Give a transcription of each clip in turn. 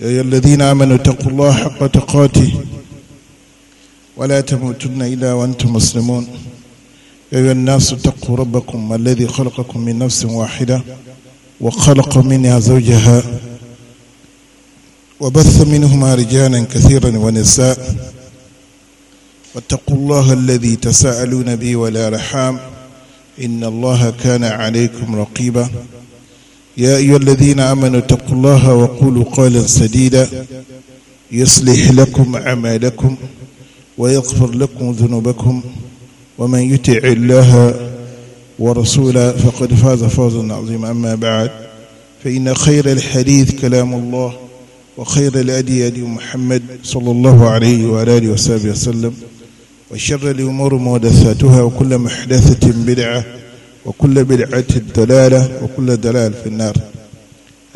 يا أيها الذين آمنوا اتقوا الله حق تقاته ولا تموتن إلا وأنتم مسلمون يا أيها الناس اتقوا ربكم الذي خلقكم من نفس واحدة وخلق منها زوجها وبث منهما رجالا كثيرا ونساء واتقوا الله الذي تساءلون به ولا رحام إن الله كان عليكم رقيبا يا أيها الذين آمنوا اتقوا الله وقولوا قولا سديدا يصلح لكم أعمالكم ويغفر لكم ذنوبكم ومن يطع الله ورسوله فقد فاز فوزا عظيما أما بعد فإن خير الحديث كلام الله وخير الأدي أدي محمد صلى الله عليه وعلى آله وصحبه وسلم وشر الأمور محدثاتها وكل محدثة بدعة وكل بدعة الدلالة وكل دلال في النار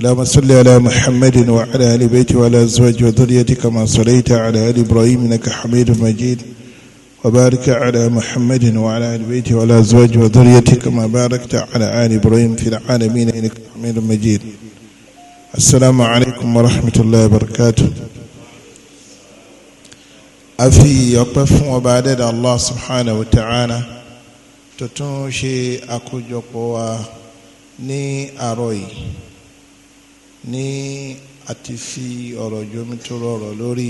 اللهم صل على محمد وعلى آل بيته وعلى أزواجه وذريته كما صليت على آل إبراهيم إنك حميد مجيد وبارك على محمد وعلى آل بيته وعلى أزواجه وذريته كما باركت على آل إبراهيم في العالمين إنك حميد مجيد السلام عليكم ورحمة الله وبركاته أفي يطف وبعد الله سبحانه وتعالى tó tún ṣe àkójọpọ̀ wa ní àárọ̀ yìí ní àti fi ọ̀rọ̀ jomi tó lórí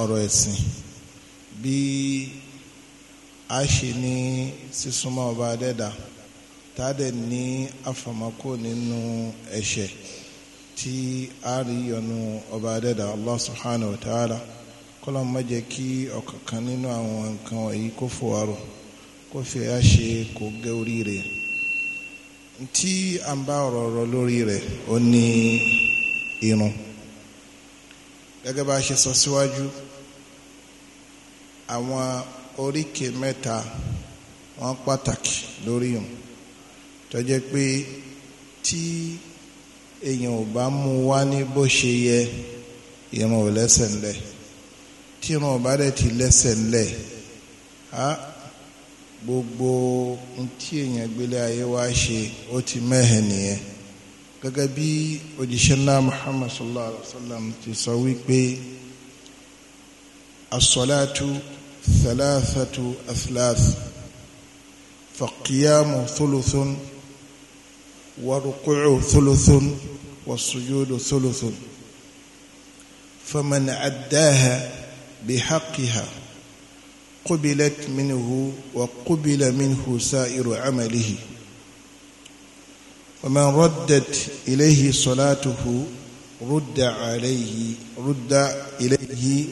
ọ̀rọ̀ ẹ̀sìn bí a ṣe ní sísúnmọ́ ọba adẹ́dà tá a dẹ̀ ní àfàmọ́kò nínú ẹ̀ṣẹ̀ tí a rí yọnu ọba adẹ́dà Allah subhanahu wa ta'ala. kọlọm ma jẹ́ kí ọ̀kankan nínú àwọn nǹkan wọ̀nyí kó fò wá rò kó fi ṣe kó gé orí tí a ń bá ọ̀rọ̀ rọ lórí rẹ̀ ó ní irun gẹ́gẹ́ bá a ṣe sọ síwájú àwọn oríkè mẹ́ta wọn pàtàkì lórí irun pé tí èèyàn ò bá mú wá ní bó ṣe yẹ tí wọn bá dẹ̀ ti lẹ́sẹ̀ lẹ̀ á gbogbo ntí èèyàn gbélé ayé wá ṣe ó ti mẹ́hẹ̀ nìyẹn gẹ́gẹ́ bí òjíṣẹ́ ńlá muhammad sallallahu alaihi wa sallam ti sọ wípé asọ́láàtú thalathatu athlath faqiyamu thuluthun warukucu thuluthun wasujudu thuluthun faman بحقها قبلت منه وقبل منه سائر عمله ومن ردت إليه صلاته رد عليه رد إليه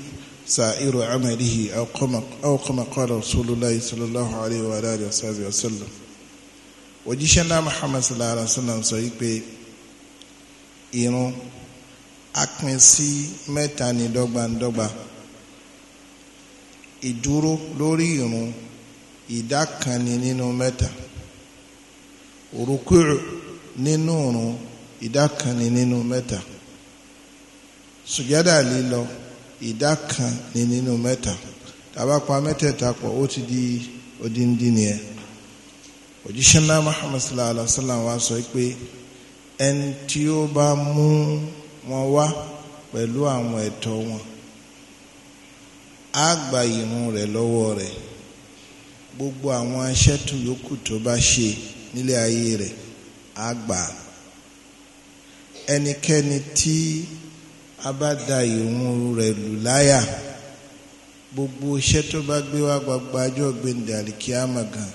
سائر عمله أو كما أو كما قال رسول الله صلى الله عليه وآله وصحبه وسلم وجيشنا محمد صلى الله عليه وسلم صحيح إنه أكمل سي متاني دوغبان دوغبان ìdúró lórí ìrun ìdá kan ni nínú mẹ́ta òrùkú nínú ìrun ìdá kan ni nínú mẹ́ta sùjádà lílọ ìdá kan ni nínú mẹ́ta tàbá pa mẹ́tẹ̀ẹ̀ta pọ̀ ó ti di odindi nìyẹn òjíṣẹ́ náà Muhammad sallallahu alaihi wa sallam wa sọ pé ẹni tí ó bá mú wọn wá pẹ̀lú àwọn ẹ̀tọ́ wọn á gba ìrun rẹ̀ lọ́wọ́ rẹ̀ gbogbo àwọn aṣẹ́tù yòókù tó bá ṣe nílé ayé rẹ̀ á gbà ẹnikẹ́ni tí a bá da ìrun rẹ̀ lù láyà gbogbo iṣẹ́ tó bá gbé wá gbagba ajọ́ gbẹ̀ǹdà àlìkí àmàgàn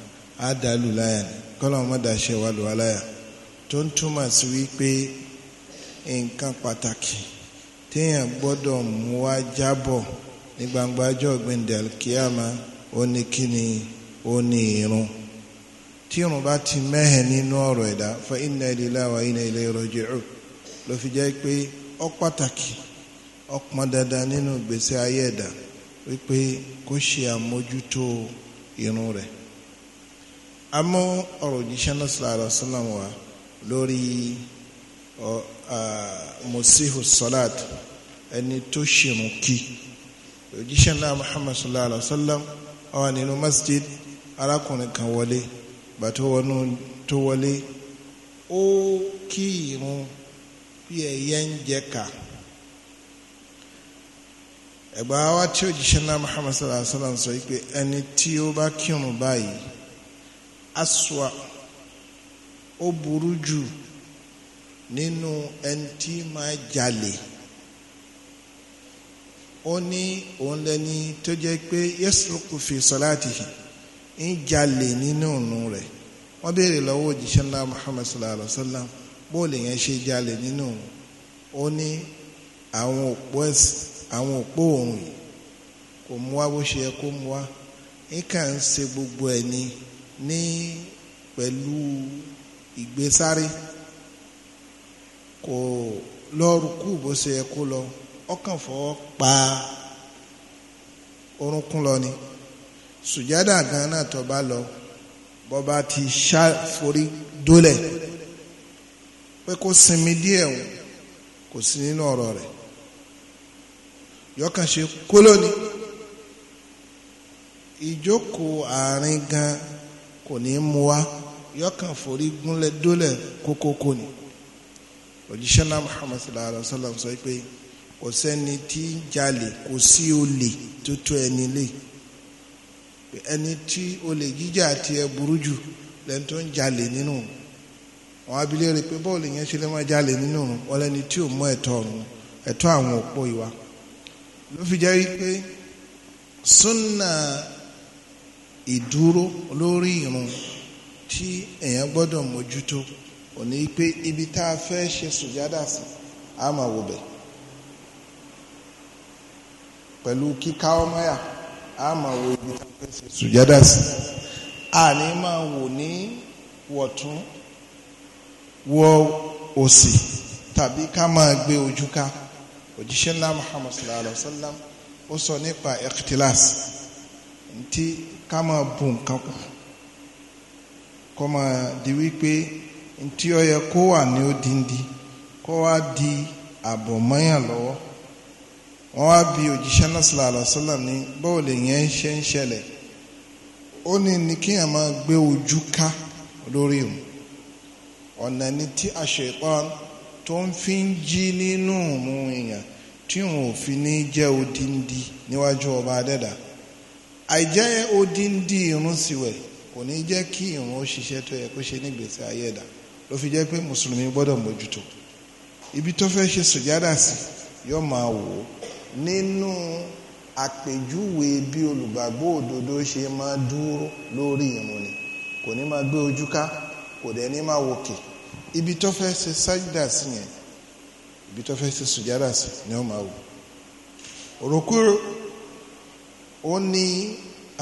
á dà lù láyà ni kọ́lọ́n mọ́dàṣẹ́ wà lù wá láyà tó ń túmọ̀ sí wípé nǹkan pàtàkì téèyàn gbọ́dọ̀ mú wá jábọ̀ ní gbangba ọjọ́ gbendel kíámà ó ní kíni ó ní irun tí irun bá ti mẹ́hẹ̀ nínú ọ̀rọ̀ ẹ̀dá fa inna lillahi wa inna ilayhi raji'un ló fi jẹ́ pé ó pàtàkì ó pọn dandan nínú ìgbésí ayé ẹ̀dá wípé kó ṣe àmójútó irun rẹ̀ àmọ́ ọ̀rọ̀ òjíṣẹ́ náà sallallahu alaihi wasallam wa lórí mọ̀síhù sọ́láàtì ẹni tó ṣìrùn kí òjíṣẹ́ ńlá muhammad sallallahu alayhi wa sallam àwa nínú masjid arákùnrin kan wọlé gbà tó wọnú tó wọlé ó kí irun bí ẹyẹ ń jẹ ká ẹgbà wa tí òjíṣẹ́ ńlá muhammad sallallahu alayhi wa sallam sọ pé ẹni tí ó bá kírun báyìí aswa ó burú jù nínú ẹni tí máa jalè ó ní òun lẹni tó jẹ́ pé yẹ́sùrùkù fi sọ́láàtìhì ń jalè nínú ìrun rẹ̀ wọ́n béèrè lọ́wọ́ òjíṣẹ́ ńlá Muhammad sallallahu alayhi wa sallam bó lè yẹn ṣe jalè nínú ìrun ó ní àwọn òpó ẹ̀sìn àwọn òpó òrùn yìí kò mú wá bó ṣe yẹ kó mú wá nǹkan ń ṣe gbogbo ẹ̀ ni ní pẹ̀lú ìgbésáré kò lọ́ọ́ rúkú bó ṣe yẹ kó lọ́ọ́ ọkàn fọwọ́ pa orúnkún lọ ni sùjádà gan náà tó bá lọ bó bá ti ṣàforí dólẹ̀ pé kó sinmi díẹ̀ wọn kò sí nínú ọ̀rọ̀ rẹ̀ yọkàn ṣe kóló ni ìjókòó àárín gan kò ní mú wa yọkàn forí gúnlẹ̀ dólẹ̀ kókókó ni òjíṣẹ́ náà Muhammad sallallahu alaihi wa sallam sọ pé kò sẹ́ni tí jalè kò sí olè tó tó ẹni lé ẹni tí olè jíjà ti ẹ burú jù lẹ́ni tó ń jalè nínú wọn abilé rẹ pé bọ́ọ̀lù yẹn ṣe lè máa jalè nínú wọn lẹ́ni tí ò mọ ẹ̀tọ́ ẹ̀tọ́ àwọn òpó ìwà ló fi jẹ́ wípé súnà ìdúró lórí irun tí èèyàn gbọ́dọ̀ mójútó òní pé ibi tá a fẹ́ ṣe sùjádà sí a máa wò bẹ́ẹ̀ pẹ̀lú kíká ọmọyà a máa wo ibi tá a fẹ́ ṣe sùjádà sí a ní máa wò ní wọ̀tún wọ òsì tàbí ká máa gbé ojú ká òjíṣẹ́ ńlá muhammad sallallahu alayhi wa sallam ó sọ nípa ikhtilas ntí ká máa bu nǹkan kù kọ́ máa di wípé ntí ó yẹ kó wà ní ó kó wá di àbọ̀mọ́yàn lọ́wọ́ wọ́n wá bi òjíṣẹ́ náà sallallahu alaihi wasallam ní báwo lè yẹn ṣe ń ṣẹlẹ̀ ó ní ní kéèyàn máa gbé ojú ká lórí òun ọ̀nà ni tí àṣepọ́n tó ń fi ń jí nínú òun èèyàn tí òun ò fi ní jẹ́ odindi níwájú ọba adẹ́dà àìjẹ́ odindi irun síwẹ̀ kò ní jẹ́ kí irun ó ṣiṣẹ́ tó yẹ kó ṣe nígbèsè ayé ẹ̀dá ló fi jẹ́ pé mùsùlùmí gbọ́dọ̀ mójútó ibi tó fẹ́ ṣe sùjádà sí yóò máa wò ó nínú àpèjúwe bí olùgbàgbọ́ òdodo ṣe máa dúró lórí ìrun ni kò ní máa gbé ojú ká kò dẹ̀ ní máa wòkè ibi tó fẹ́ ṣe sájídà sí yẹn ibi tó fẹ́ ṣe sùjádà sí ni ó máa wò òròkúrò ó ní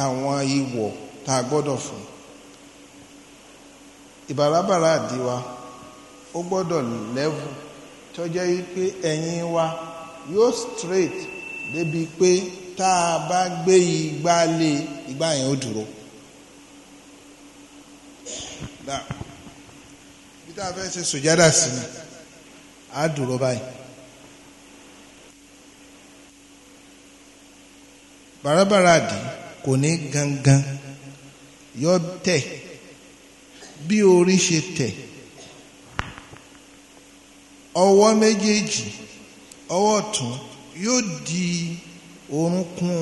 àwọn ìwọ̀ tá a gbọ́dọ̀ fún ìbàràbàrà àdìwa ó gbọ́dọ̀ lẹ́vù tó jẹ́ wípé ẹ̀yìn wa yóò straight débi pé tá a bá gbé igbá lé igbá yẹn ó dúró. bí tá a fẹ́ ṣe sùjádà sí ni á dúró báyìí. bàràbàrà dì kò ní gangan yọ tẹ̀ bí orí ṣe tẹ̀ ọwọ́ méjèèjì ọwọ́ ọ̀tún yóò di orúnkún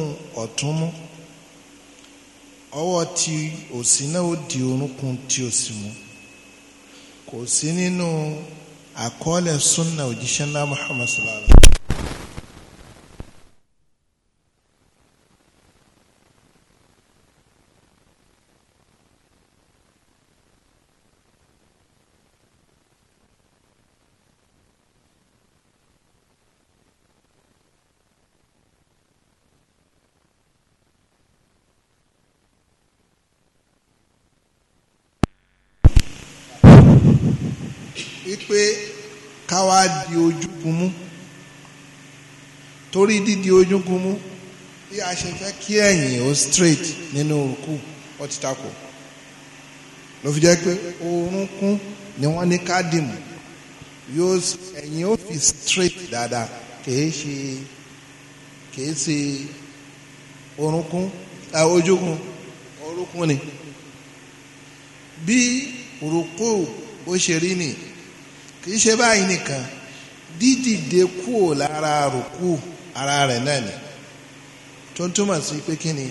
ọ̀tún mú ọwọ́ ti òsì náà ó di orúnkún ti òsì mú kò sí nínú àkọọ́lẹ̀ sunna òjíṣẹ́ ńlá Muhammad sallallahu alaihi wa sallam. wípé káwá di ojúkun mú torí dídi ojúkun mú bí a ṣe fẹ́ kí ẹ̀yìn ó straight nínú òkú ó ti takò ló fi jẹ́ pé ni wọ́n ní kádìmù yóò ẹ̀yìn ó fi straight dáadáa kìí ṣe kìí ṣe ojúkun ni bí rúkú bó ṣe kì í ṣe báyìí nìkan dídìde kúò lára rùkú ara rẹ̀ náà ni tó ń túmọ̀ sí pé kí ni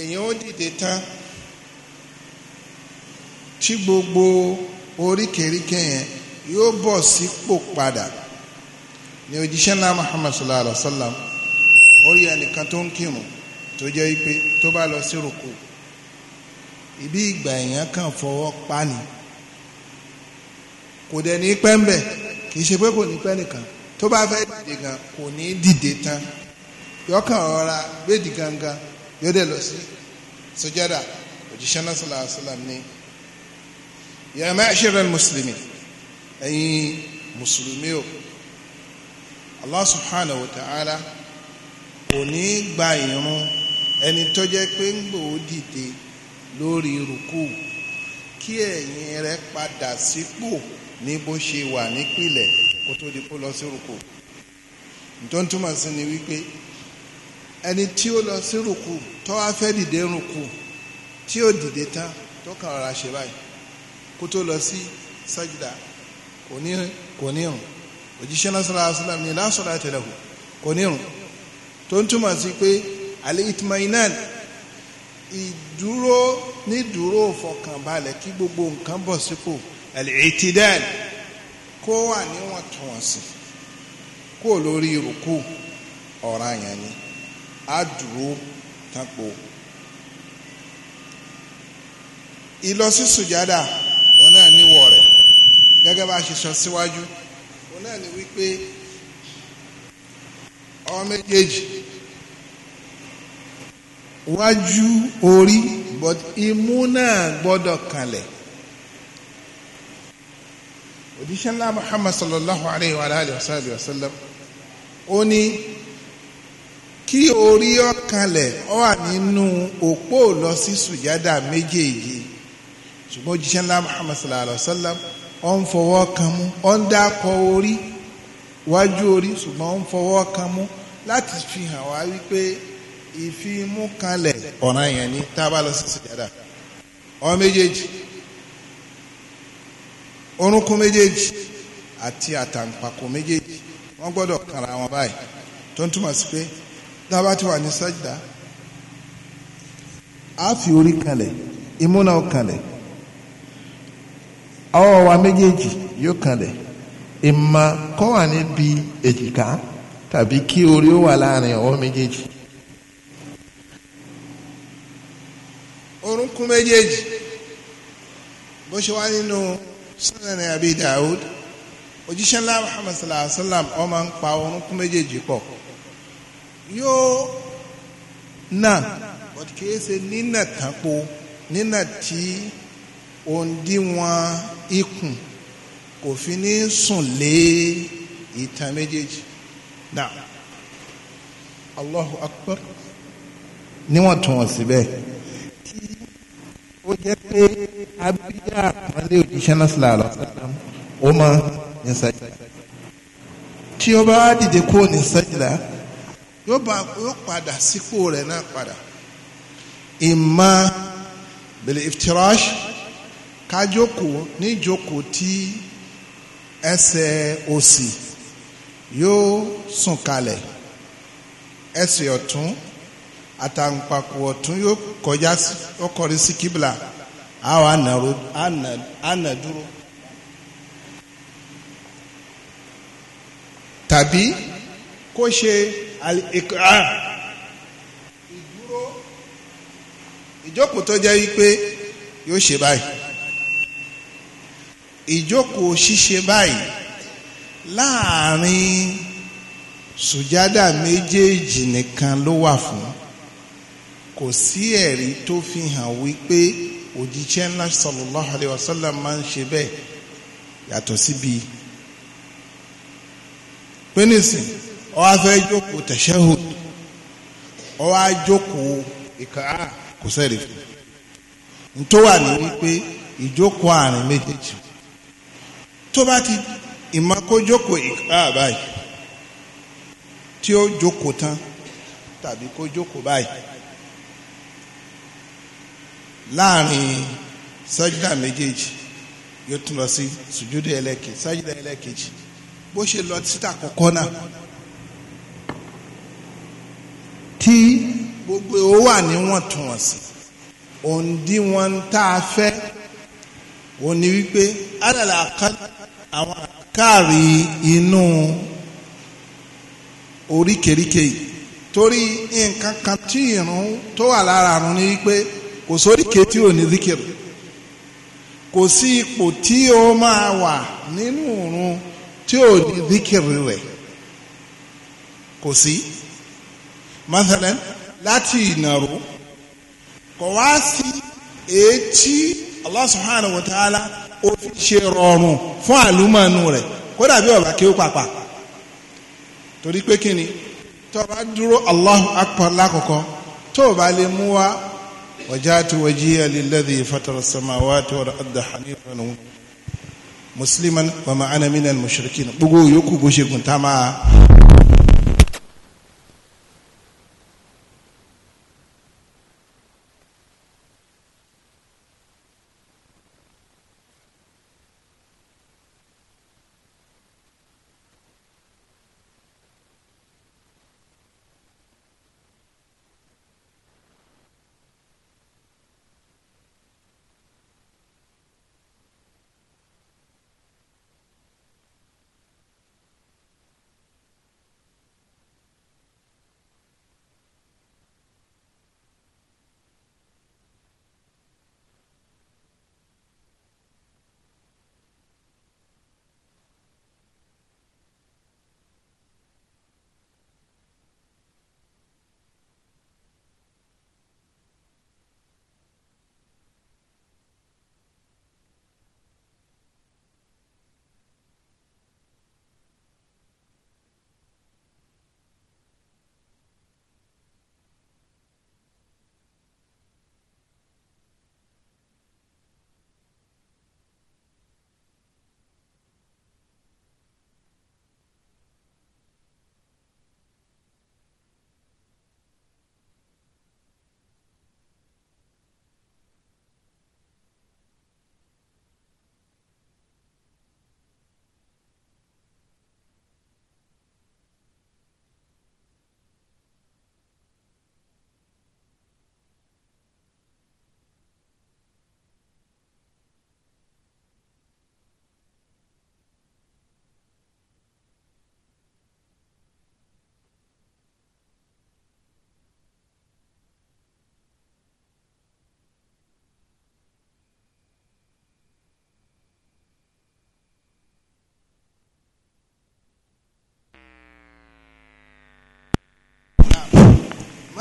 èèyàn ó dìde tán tí gbogbo oríkèéríkèé yẹn yóò bọ̀ sípò padà ní òjíṣẹ́ ńlá Muhammad sallallahu alaihi wa sallam orí ẹnìkan tó ń kírun tó jẹ́ pé tó bá lọ sí rùkú ibi ìgbà èèyàn kàn fọwọ́ pa ni kò dẹ̀ ní pẹ́ ń bẹ̀ kì í ṣe pé kò ní pẹ́ nìkan tó bá fẹ́ dìde gan kò ní dìde tán yọkàn ọ̀ra gbèdì gangan yóò dẹ̀ lọ sí sojada òjíṣẹ́ náà sọ̀rọ̀ àṣàlám ní ya ma'sharal mùsùlùmí ẹ̀yin mùsùlùmí o Allah subhanahu wa ta'ala kò ní gba ìrun ẹni tó jẹ́ pé ń gbòó dìde lórí rùkú kí ẹ̀yìn rẹ̀ padà sípò. Si ní bó ṣe wà nípìlẹ̀ kó tó di kó lọ sí rúkú tó ń túmọ̀ sí ni wípé ẹni tí ó lọ sí rúkú tó wá fẹ́ dìde rúkú tí ó dìde tán tó kàn rà ṣe báyìí kó tó lọ sí sájìdá kò ní kò ní rùn òjíṣẹ́ náà sallallahu alaihi wasallam ní kò ní rùn tó ń túmọ̀ sí pé al-itmainan ìdúró ní dúró fọkànbalẹ̀ kí gbogbo nǹkan bọ̀ sípò al-i'tidal kó wà níwọ̀ntúnwọ̀nsì kó lórí rúkú ọ̀ranyàn ni á dúró tápò ìlọsí sùjádà òun náà níwọ̀ rẹ̀ gẹ́gẹ́ bá a ṣe sọ síwájú òun náà ni wípé ọmọ méjèèjì wájú orí imú náà gbọ́dọ̀ kalẹ̀ òjíṣẹ́ ńlá muhammad sallallahu alayhi wa alayhi wa sallam wa sallam ó ní kí orí ọ̀kanlẹ̀ ó wà nínú òpó lọ sí sùjádà méjèèjì ṣùgbọ́n òjíṣẹ́ ńlá muhammad sallallahu alayhi wa sallam ó ń fọwọ́ kan mú ó ń dákọ̀ orí wájú orí ṣùgbọ́n ó ń fọwọ́ kan mú láti fi hàn wá wípé ìfimú kanlẹ̀ ọ̀ràn yẹn ni tá lọ sí sùjádà ọ̀ràn méjèèjì orúnkún méjèèjì àti àtàǹpàkò méjèèjì wọ́n gbọ́dọ̀ kàrà wọn báyìí tó ń túmọ̀ sí pé dábàá ti wà ní sájìdá á fi orí kanlẹ̀ imú náà ọwọ́ wa méjèèjì yóò kanlẹ̀ ìmọ̀ kọ́ wà níbi èjìká tàbí kí orí ó wà láàrin ọwọ́ méjèèjì. orúnkún méjèèjì bó ṣe wá nínú. No sunan abi dawud òjíṣẹ́ ńlá muhammad sallallahu alayhi wa sallam ó máa ń pa orúnkún méjèèjì pọ̀ yóò nà bọ̀dù kìí ṣe nínà tàpó nínà tí òǹdíwọ̀n ikùn kò fi ní sùn lé ìtàn méjèèjì náà allahu akbar níwọ̀n tún wọ̀n síbẹ̀ ó jẹ́ pé abíyá àpọ́nlé òjíṣẹ́ náà sílẹ̀ àlọ́sàdá ó máa ní sẹ́jìdá tí ó bá dìde kúrò ní sẹ́jìdá yóò bá yóò padà sípò rẹ̀ náà padà ìmọ̀ bẹ̀lẹ̀ iftirash kájókòó níjókòó tí ẹsẹ̀ òsì yóò sùn kalẹ̀ ẹsẹ̀ ọ̀tún àtàǹpàkò ọ̀tún yóò kọjá ó kọrí sí kíbla àwọn àna dúró. tàbí kó ṣe ìkọ́ ìdúró ìjókòó tó jẹ́ wípé yóò ṣe báyìí ìjókòó ṣíṣe báyìí láàrin sùjádà méjèèjì nìkan ló wà fún un. kò sí ẹ̀rí tó fi hàn wípé òjíṣẹ́ ńlá sallallahu alayhi wa sallam máa ń ṣe bẹ́ẹ̀ yàtọ̀ síbi pínísìn ọ wá fẹ́ jókòó tashahhud ọ wá jókòó ìkàrà kò sẹ́rí fún un tó wà ní wípé ìjókòó àárín méjèèjì tó bá ti ìmọ̀kójókòó ìkàrà báyìí tí ó jókòó tán tàbí kó jókòó báyìí láàrin sájúdà méjèèjì yóò tún lọ sí sùjúdà ẹlẹ́kejì sájúdà ẹlẹ́kejì bó ṣe lọ títà kọ́kọ́ náà tí gbogbo ó wà níwọ̀ntúnwọ̀nsì òǹdíwọ̀n tá a fẹ́ òun ni wípé alàlà àwọn àkáàrí inú oríkèéríkèé torí nǹkan kan tí ìrún tó wà lára àrùn ni wípé kò sóríkè tí ò ní zikiri kò sí ipò tí ó máa wà nínú òrun tí ò ní zikiri rẹ̀ kò sí mathalan láti ìnàró kò wá sí etí Allah subhanahu wa ta'ala ó fi ṣe rọrùn fún àlùmọ́nù rẹ̀ kódà bí ọba kí ó papà torí pé kí ni tó bá dúró Allahu akbar lákọ̀ọ́kọ́ tó bá lè mú wa وجات وجهي للذي فطر السماوات والأرض حنيفا مسلما وما أنا من المشركين بوغو يوكو بوشي كنت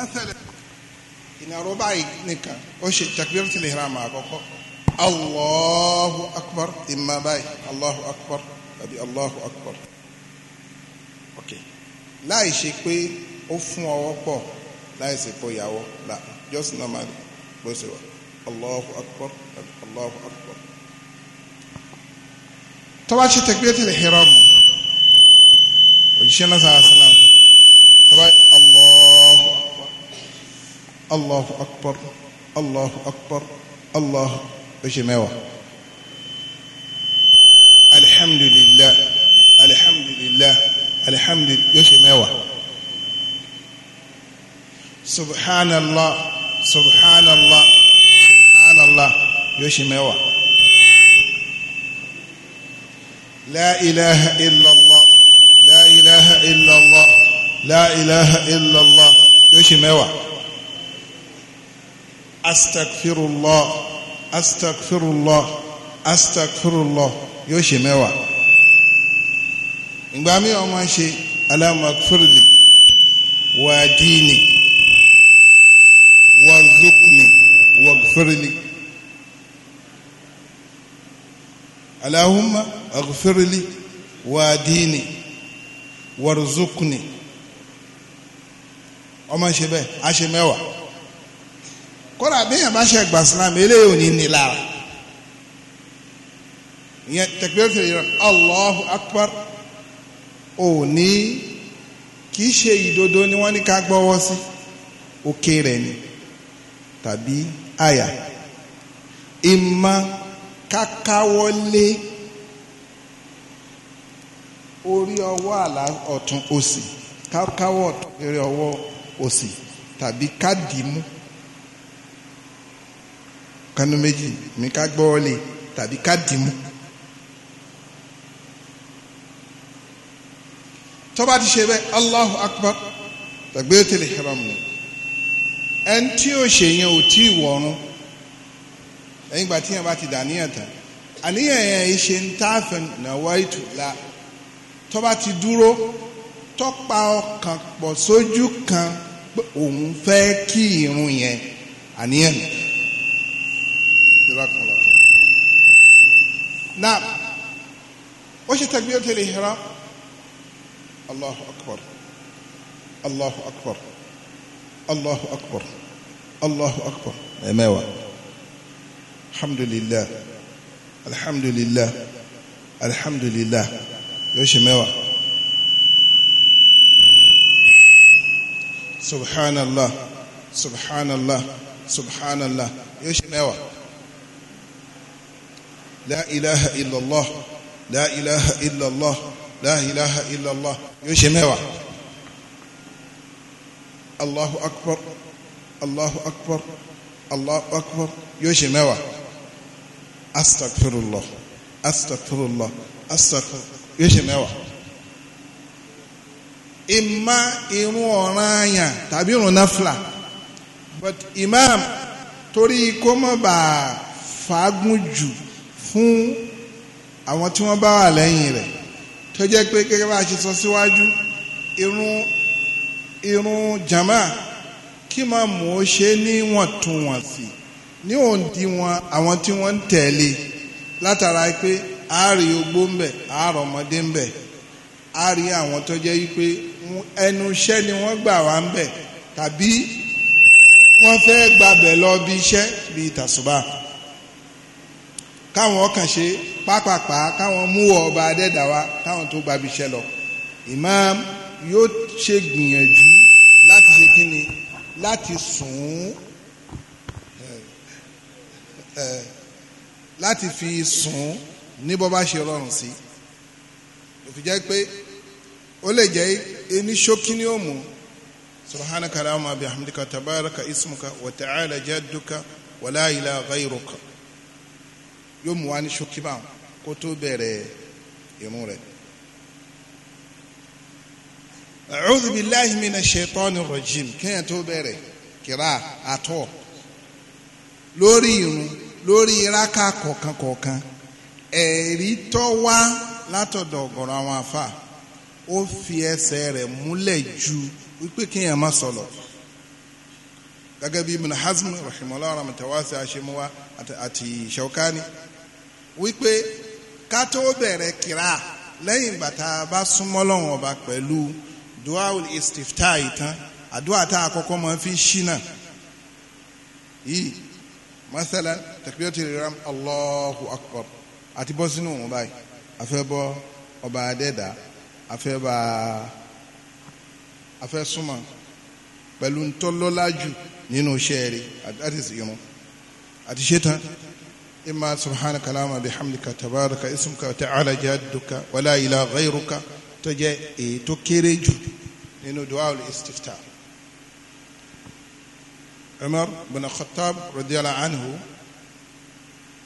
mẹsẹlẹ ìnáró báyìí nìkan ó ṣe takbiratul ihram àkọ́kọ́ allahu akbar ìmọ báyìí allahu akbar tàbí allahu akbar ok láì ṣe pé ó fún ọwọ́ pọ̀ láì ṣe pé ó yàwọ́ la just normally bó ṣe wà allahu akbar tàbí allahu akbar tó bá ṣe takbiratul ihram òjíṣẹ́ náà sára sára. الله أكبر الله أكبر الله بجماوة الحمد لله الحمد لله الحمد يجماوة سبحان الله سبحان الله سبحان الله يجماوة لا إله إلا الله لا إله إلا الله لا إله إلا الله يجماوة astagfirullah astagfirullah astagfirullah yóò ṣe mẹ́wàá ìgbà mi ọmọ ṣe alámakfirli wàdíìnì wàzùkùnì wàgfirli aláhùnmá wàgfirli wàdíìnì wàzùkùnì ọmọ ṣe bẹ́ẹ̀ a ṣe mẹ́wàá kódà béèyàn bá ṣe gbà sílámù eléyìí ò ní ní lára ìyẹn tẹkpẹ́rẹ́tì yẹn Allahu Akbar ò ní kì í ṣe ìdodo ni wọ́n ní ká gbọ́wọ́ sí òkè rẹ̀ ni tàbí àyà ìmọ̀ kákáwọlé orí ọwọ́ àlá ọ̀tún òsì kákáwọ́ ọ̀tún orí ọwọ́ òsì tàbí kádìímù ọ̀kanú méjì mi ká gbọ́ ọ̀lẹ̀ tàbí ká dìímú. ti ṣe bẹ́ẹ̀ Allahu Akbar takbiratul ihram ni ẹni tí ó ṣe yẹn ò tí ì wọ̀run lẹ́yìn ìgbà tí yẹn bá ti dà níyàn tán àníyàn yẹn ìṣe ń tààfin nawaitu la tọ́ba ti dúró tọ́pa ọkàn pọ̀ sójú kan pé òun fẹ́ kí irun yẹn àníyàn nìkan. جزاكم الله خير نعم وش تكبيرة الإحرام الله أكبر الله أكبر الله أكبر الله أكبر أماوة الحمد لله الحمد لله الحمد لله يوش أماوة سبحان الله سبحان الله سبحان الله يوش لا إله إلا الله لا إله إلا الله لا إله إلا الله يشنوا الله أكبر الله أكبر الله أكبر يشنوا أستغفر الله أستغفر الله أستغفر يشنوا إما إمورانيا تابعون نفلا but imam tori ko ma ba fagunju fún àwọn tí wọ́n bá wà lẹ́yìn rẹ̀ tó jẹ́ pé gẹ́gẹ́ bá a ṣe sọ síwájú irun irun jama kí máa mú ó ṣe níwọ̀ntúnwọ̀nsì ní òǹdíwọ̀n àwọn tí wọ́n ń tẹ̀lé látara pé àárí ogbó ń bẹ̀ àárọ̀ ọmọdé ń bẹ̀ àárí àwọn tó jẹ́ wípé ẹnu iṣẹ́ ni wọ́n gbà wá ń bẹ̀ tàbí wọ́n fẹ́ gbàbẹ̀ lọ bí iṣẹ́ bíi tàṣùbà káwọn ọkàn ṣe pápápá káwọn múwọ ọba adẹ́dà káwọn tó gbabi iṣẹ́ lọ imam yóò ṣe gbìyànjú láti ṣe kí ni láti sùn eh, eh, láti fi sùn ní bó ṣe rọrùn sí òfin jẹ́ pé ó lè jẹ́ ẹni ṣókí ni ó mú subhanaka allahumma bihamdika wa ta'ala jadduka wa la ilaha ghayruka yóò mú wa ní ṣókí báwọn kó tó bẹ̀rẹ̀ irun rẹ̀. a'udhu billahi minash shaitani rajim kéèyàn tó bẹ̀rẹ̀ kíra àtọ̀ lórí irun lórí iraka kọ̀ọ̀kan kọ̀ọ̀kan ẹ̀rí tó wá látọ̀dọ̀ ọ̀gọ̀rọ̀ àwọn afa ó fi ẹsẹ̀ rẹ̀ múlẹ̀ ju wípé kéèyàn má sọ̀lọ̀ gẹ́gẹ́ bí ibn hazm rahimahullah rahmatawasi aṣemuwa àti shawkani wípé ká tó bẹ̀rẹ̀ kíra lẹ́yìn ìgbà tá a bá súnmọ́ lọ́wọ́n ọba pẹ̀lú duawul istifta ìtàn àdúrà tá a kọ́kọ́ máa fi ṣínà yìí masala takbiratul ihram allahu akbar àti bọ́ sínú òun báyìí afẹ́ bọ́ ọba adẹ́dà afẹ́ bá afẹ́ súnmọ́ pẹ̀lú ntọ́lọ́lájú nínú iṣẹ́ rẹ̀ àti ṣètàn. إما سبحانك اللهم بحمدك تبارك اسمك وتعالى جدك ولا إله غيرك تجي تكيرج إنه دعاء الاستفتاح عمر بن الخطاب رضي الله عنه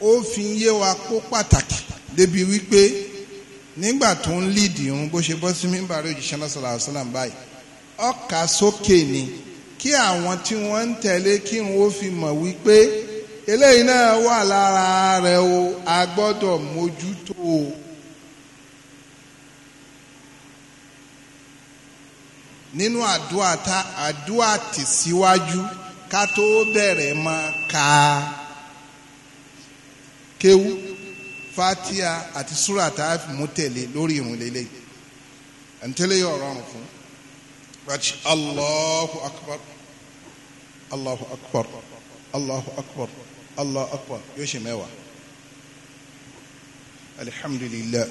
ó fi yé wa kó pàtàkì débi wípé nígbà tó ń lídìí òun bó ṣe bọ́ sí mímbàrí òjíṣẹ́ náà sọ̀rọ̀ àṣàlám báyìí ọkà sókè ni kí àwọn tí wọ́n ń tẹ̀lé kí wọ́n fi mọ̀ wípé eléyìí náà wà lára rẹ̀ o a gbọ́dọ̀ mójútó o. nínú àdúrà tá àdúrà tì ká tó bẹ̀rẹ̀ máa ka kéwú fatia àti súrà tá a mú tẹ̀lé lórí ìrun lélẹ̀ ẹ̀ńtẹ́lẹ̀ yóò rọrùn fún. Allahu akbar Allahu akbar Allahu akbar. Allah akbar yóò ṣe mẹ́wàá alihamdulilah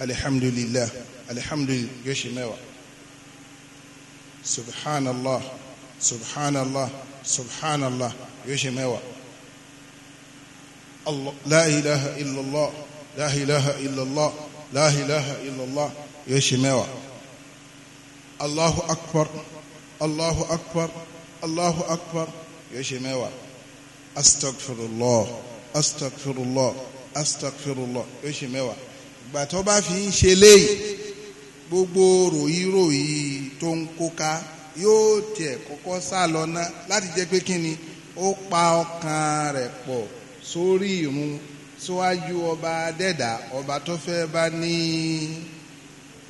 alihamdulilah alihamdulilah yóò ṣe mẹ́wàá subhanallah subhanallah subhanallah yóò ṣe mẹ́wàá la ilaha illallah la ilaha illallah la ilaha illallah yóò ṣe mẹ́wàá allahu akbar allahu akbar allahu akbar yóò ṣe mẹ́wàá. astagfirullah astagfirullah astagfirullah yóò ṣe mẹ́wàá ìgbà tó fi ń gbogbo ròyìn ròyìn tó ń kóka yóò tiẹ̀ kọ́kọ́ sá lọ ná láti jẹ́ pé ni ó pa ọkàn rẹ̀ pọ̀ sórí ìrun síwájú ọba dẹ́dà ọba tó fẹ́ bá ní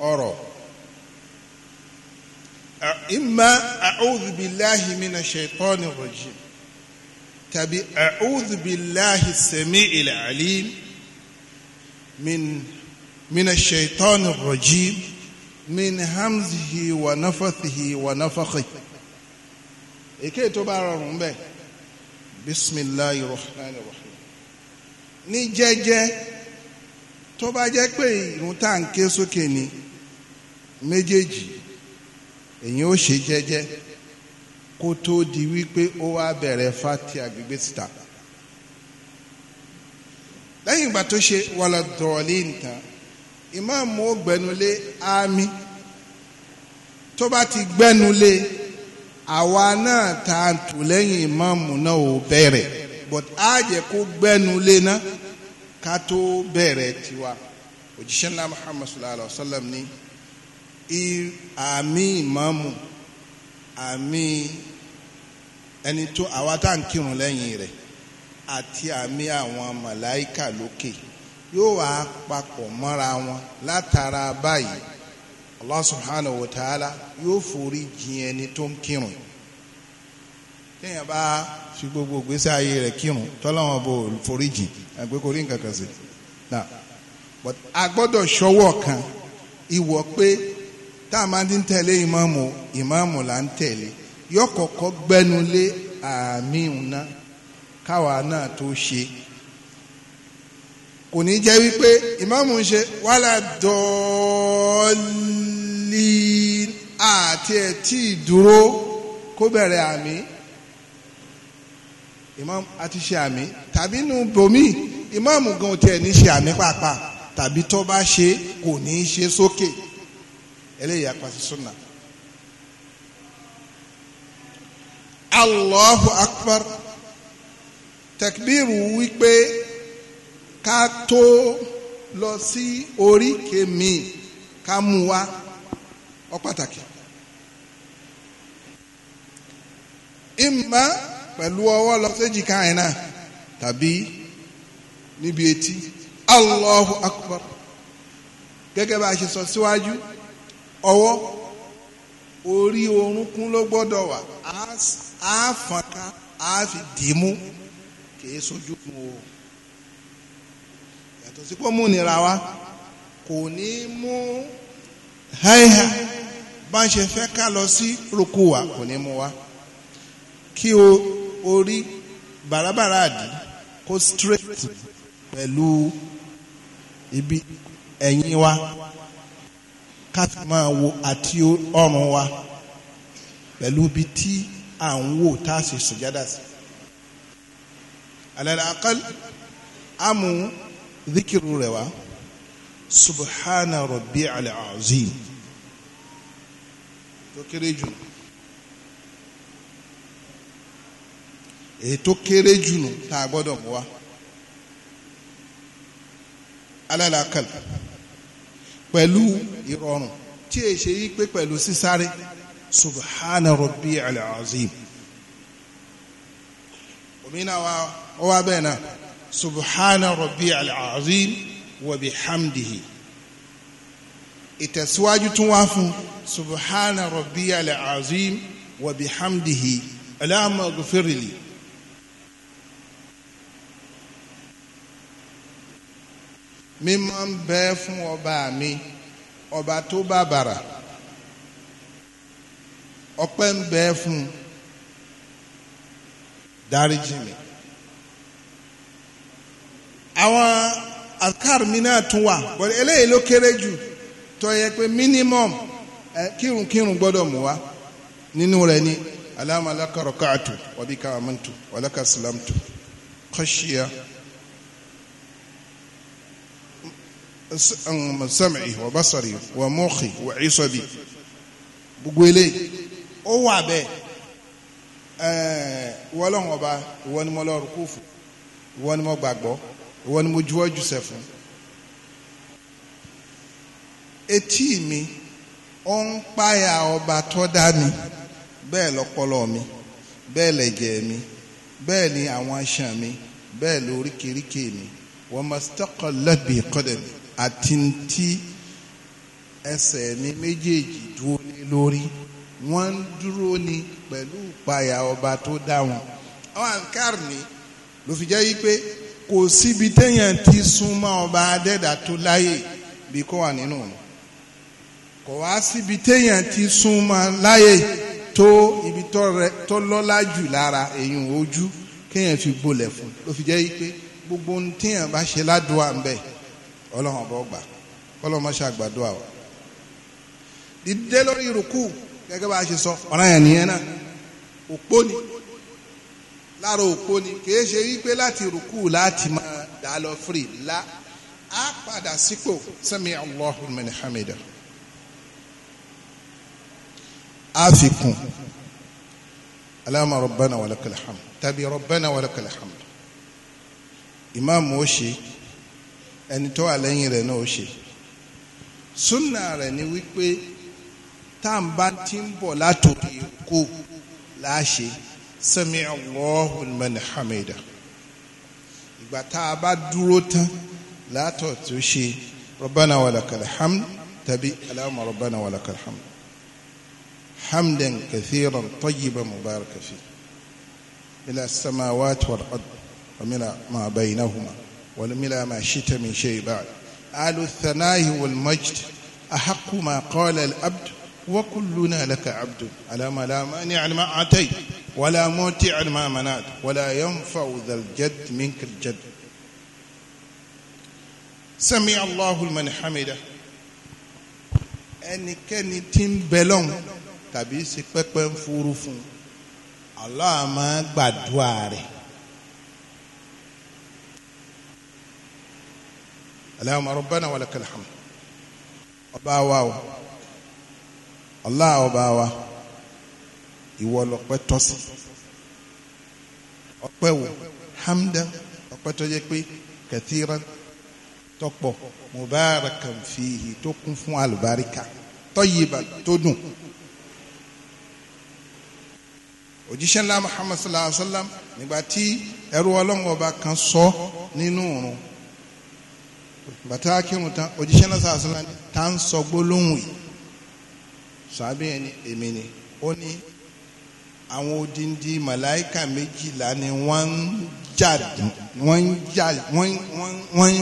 ọ̀rọ̀. imma a'udhu tàbí a'udhu billahi sami'il alim min min ash-shaytanir rajim min hamzihi wa nafathihi wa nafakhi èké tó bá rọrùn bẹ́ẹ̀ bisimilahi rahmanir rahim ní jẹ́jẹ́ tó bá jẹ́ pé ìrun tá à ké sókè ni méjèèjì èyí ó ṣe jẹ́jẹ́ kó tó di wípé ó wá bẹ̀rẹ̀ fatia gbígbé síta lẹ́yìn ìgbà tó ṣe wàlá dọ̀ọ̀lì nǹkan ìmáàmù ó gbẹnulé ámì tó bá ti gbẹnulé àwa náà ta tù lẹ́yìn ìmáàmù náà ò bẹ̀rẹ̀ but á jẹ́ kó gbẹnulé náà ká tó bẹ̀rẹ̀ tiwa òjíṣẹ́ ńlá muhammadu sallallahu alayhi wa sallam ní àmì ìmáàmù àmì ẹni tó àwa tá à ń kírun lẹ́yìn rẹ̀ àti àmì àwọn màláìkà lókè yóò wá papọ̀ mọ́ra wọn látara báyìí Allah subhanahu wa ta'ala yóò forí jìn ẹni tó ń kírun téèyàn bá fi gbogbo ìgbésí ayé rẹ̀ kírun tọ́lọ́wọ́n bò forí jìn àgbẹ̀ kò rí nǹkan kan sí i a gbọ́dọ̀ ṣọwọ́ kan ìwọ pé tá a máa ti ń tẹ̀lé ìmáàmù ìmáàmù là ń tẹ̀lé yọkọ̀kọ́ gbẹnulé àmì ìhùnà káwa náà tó ṣe kò ní jẹ́ wípé ìmáàmù ń ṣe wàhálà dọ́ọ̀lì àti ẹ̀ tí ì dúró kó bẹ̀rẹ̀ àmì ìmáàmù àti ṣe àmì tàbí nù bòmí ìmáàmù gan tiẹ̀ ní ṣe àmì pàápàá tàbí tó bá ṣe kò ní ṣe sókè eléyìí apàṣẹ sunna allahu akbar takbiru wípé ká tó lọ sí oríkèé mi ká mú wa ọ pàtàkì ìmọ̀ pẹ̀lú ọwọ́ lọ séjì káyìn náà tàbí níbi etí allahu akbar gẹ́gẹ́ bá a ṣe sọ síwájú. Si ọwọ́ orí orúnkún ló gbọ́dọ̀ wà á fọn ká á fi dì í mú kìí sojú mu o yàtọ̀ sí pé mú nira wa kò ní mú háìhà bá ń ṣe fẹ́ ká lọ sí rúkú wa kò ní mú wa kí o orí bàràbàrà àdí kó straight pẹ̀lú ibi ẹ̀yìn wa ká máa wo àti ọrùn wa pẹ̀lú ibi tí à ń wò tá a ṣe sùjádà sí. alal aqal amú zikiru rẹ̀ wá subhana rabbiyal azim tó kéré jù èyí tó kéré jù tá a gbọ́dọ̀ mú wa alal aqal pẹ̀lú ìrọ̀rùn tí è ṣe yí pé pẹ̀lú sísáré subhana rabbi al-azim omina wa ọwa bẹ́ẹ̀ náà subhana rabbi al-azim wa bihamdihi ìtẹ̀síwájú tún wá fún subhana rabbi wa bihamdihi allahumma ghfirli. mímọ́ ń bẹ fún ọba mi ọba tó bá bàrà ọpẹ́ ń bẹ fún dáríjì mi àwọn azkar mi náà tún wà bọ́dẹ̀ eléyìí ló kéré jù tó yẹ pé minimum kírunkírun gbọ́dọ̀ mú wa nínú rẹ̀ ni alámàlákà rọ̀kàtù wàbíkà àmọ́ntù wàlákà sílámtù kọ́ṣíà. sẹ́mẹ̀ẹ́ wà basari wà mọ́ọ̀kì wà ìsọ̀bì gbogbo eléyìí ó wà bẹ́ẹ̀ ẹ̀ẹ́ wọ́lọ́hún ọba ìwọ ni mo lọ rúkú fún ìwọ ni mo gbàgbọ́ ìwọ ni mo juwọ́ jùsẹ̀ fún. etí mi ó ń páyà ọba tó dá bẹ́ẹ̀ lọ́pọlọ mi bẹ́ẹ̀ lẹ̀jẹ̀ mi bẹ́ẹ̀ ni àwọn aṣan mi bẹ́ẹ̀ lóríkèéríkèé mi wọ́n mọ̀ sítọ́kọ̀ lẹ́bi kọ́dẹ̀ mi àti ti ẹsẹ̀ ní méjèèjì dúró lé lórí wọ́n ń dúró ni pẹ̀lú ìpayà ọba tó dá wọn. àwọn àǹkárì ni ló fi jẹ́ wípé kò síbi téèyàn ti súnmọ́ ọba adẹ́dà tó láyè bí kò wà nínú òun kò wá síbi téèyàn ti súnmọ́ láyè tó ibi tó lọ́lá jù lára èyàn ojú kéèyàn fi gbolẹ̀ fún ló fi jẹ́ wípé gbogbo ohun téèyàn bá ṣe ládùúgbò à ọlọ́run ọba ọgbà kọ́lọ́ mọ́ṣá àgbàdua wa dídé lórí ìrùkù gẹ́gẹ́ bá a ṣe sọ ọ̀ràn yẹn nìyẹn náà òpó ni lára òpó ni kìí ṣe wípé láti ìrùkù láti máa dà lọ firi la á padà sípò sami Allahu min hamida àfikún alama rabbana walakal tàbí rabbana walakal hamd ìmáàmù ó ṣe ẹni tó wà lẹ́yìn rẹ̀ náà ó ṣe súnà rẹ̀ ni wípé tá à ń bá ti ń bọ̀ látòkè kó láṣẹ sami Allahu liman hamida ìgbà tá a bá dúró tán látọ̀ tó ṣe rabbana walakal hamd tàbí alama rabbana walakal hamd hamdan kathiran tayyiban mubarakan fi ila samawati wal ard wa mina ma baynahuma. ولم إلى ما شئت من شيء بعد آل الثناء والمجد أحق ما قال الأبد وكلنا لك عبد على ما لا مانع ما أعطيت ولا موتع ما منعت ولا ينفع ذا الجد منك الجد سمع الله لمن حمده ẹnikẹ́ni tí ń bẹ lọ́hùn tàbí ṣe pẹ́pẹ́ ń fúru fún un Allah máa gbàdúrà rẹ̀. اللهم ربنا ولك الحمد hamd الله wa o Allah ọba wa ìwọ lọpẹ́ tọ́ sí ọpẹ́ wo hamda ọpẹ́ tó yẹ pé kathiran tọpọ mubarakan fihi tó kún fún àlùbáríkà tayyiban tó dùn òjíṣẹ́ ńlá Muhammad sallallahu alaihi wa sallam nígbà tí ẹrú ọlọ́run ọba kan sọ nínú òrùn bàtà akírun tán òjíṣẹ́ náà sàásánlá ni tá ń sọ gbólóhùn yìí sàbẹ̀ ẹni èmi ni ó ní àwọn odindi màláìka méjìlá ni wọ́n ń jà wọ́n ń jà wọ́n wọ́n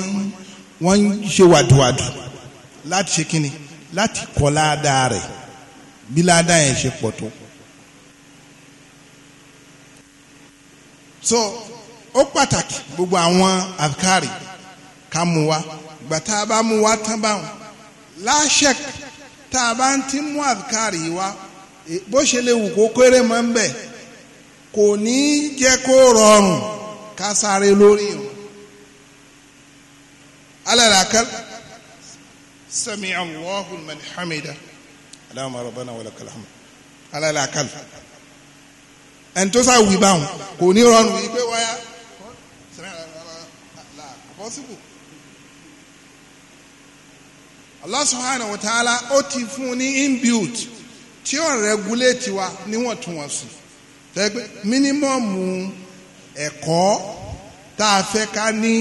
wọ́n ń ṣe wàdùwàdù láti ṣe kínni láti kọ́ ládàá rẹ̀ bí ládàá yẹn ṣe pọ̀ tó. so ó pàtàkì gbogbo àwọn àkárì ká mú wa ìgbà tá a bá mú wa tán báwọn láṣẹk tá a bá ń ti mú àkárì wa e, bó ṣe lè wù kó kéré mọ́ ń bẹ̀ kò ní jẹ́ kó rọrùn ká sáré lórí o alalakal sami allahu man hamida alama rabbana wa lakal alalakal ẹni tó sáà wí báwọn kò ní rọrùn wípé wáyà possible. Allah subhanahu wa ta'ala ó ti fún ní inbuilt tí ó regulate wa níwọ̀ntúnwọ̀nsì tẹ́gbẹ́ mínímọ̀mù ẹ̀kọ́ tá a fẹ́ ká ní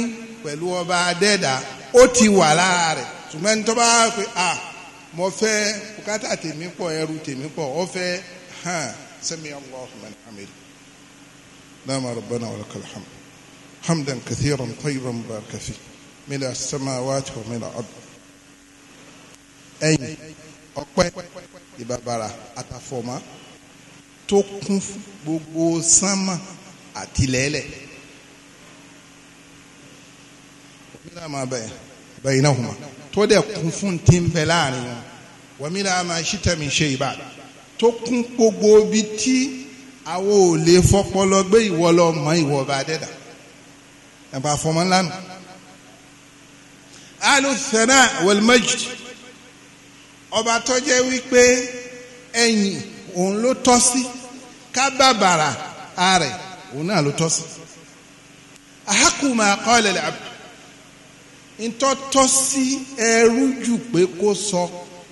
pẹ̀lú ọba adẹ́dà ó ti wà lára rẹ̀ ṣùgbọ́n ẹni tó bá pè à mo fẹ́ bùkátà tèmi pọ̀ ẹrù tèmi pọ̀ ó fẹ́ hàn sami Allahu man hamid dama rabbana wa lakal hamdan kathiran tayyiban mubarakan fihi min as-samawati wa ẹ̀yìn ọ̀pẹ ìbàbàrà àtàfọ̀mọ́ tó kún gbogbo sánmà àtìlẹ́lẹ̀ wàmílà máa bẹ̀ bẹ̀yìn náà hùmà tó dẹ̀ kún fún ti ń bẹ láàrin wọn wàmílà máa ṣítẹ̀mí ṣe ìbá tó kún gbogbo bí tí àwọn ò lè fọpọlọ gbé ìwọ lọ mọ ìwọ bá dẹ́dà ẹ̀bà fọmọ́ lánàá alùsẹ̀nà wal majd. ọba tó jẹ́ wípé ẹ̀yìn òun ló tọ́ sí kábàbàrà ààrẹ̀ òun náà ló tọ́ sí. àhákùmá kọ́lẹ̀lẹ̀ ntọ́tọ́ sí ẹrú jù pé kó sọ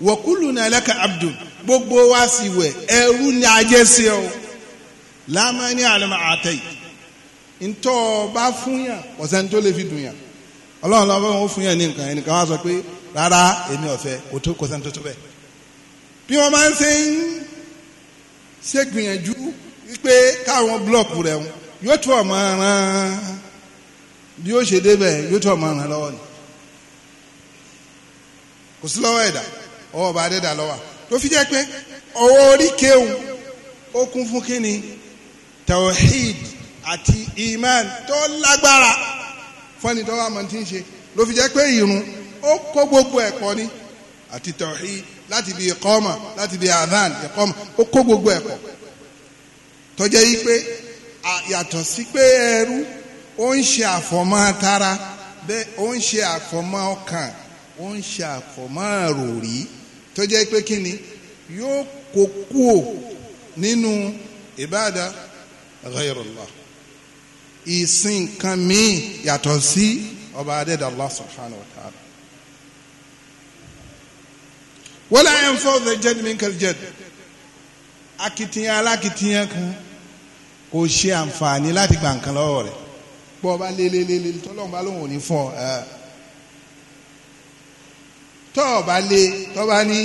wọ́kúlù abdul gbogbo wa sì wẹ̀ ẹrú ni ajẹ́ sí ọ lámání àlùmọ́ àtẹ̀yì ntọ́ bá fún ọ̀sẹ̀ ntọ́ lè fi dùn ọlọ́run lọ́wọ́ fún rárá èmi ọ̀fẹ́ kò tó kò sẹ́ni tó tó bẹ́ẹ̀. bí wọ́n máa ń ṣe ń ṣe gbìyànjú wípé káwọn búlọ̀kù rẹ̀ wọn yóò tún ọmọ ràn bí ó ṣe débẹ̀ yóò tún ọmọ ràn lọ́wọ́ ni kò sí lọ́wọ́ ẹ̀dá ọwọ́ ọba adẹ́dà lọ́wọ́ tó fi jẹ́ pé ọwọ́ orí kéwù ó kún fún kínni tawhid àti iman tó lágbára fọ́ni tó wà mọ́ ti ń ṣe ló fi jẹ́ pé ìrun ó kó gbogbo ẹ̀ pọ̀ ni àti tawhid láti bí ìkọ́mà láti bí adhan ìkọ́mà ó kó gbogbo ẹ̀ pọ̀ tó jẹ́ yí pé yàtọ̀ sí pé ẹrú ó ń ṣe àfọ̀mọ́ tara bẹ́ẹ̀ ó ń ṣe àfọ̀mọ́ ọkàn ó ń ṣe àfọ̀mọ́ ròrí tó jẹ́ pé kí ni yóò kó kúò nínú ìbáda ghayrullah ìsìn kan míì yàtọ̀ sí ọba adẹ́dàá Allah subhanahu wa ta'ala. wọ́n láyé ń fọ́ ọ̀dọ̀ jẹ́ni mi kẹ́lẹ́ jẹ́ni akitiyan alákitiyan kan kò ṣe àǹfààní láti gba nǹkan lọ́wọ́ rẹ̀ pọ̀ ọba lélelele tọ́lọ́mùbá lòun ò ní fọ́ ọ tọ́ ọba lé tọ́ba ní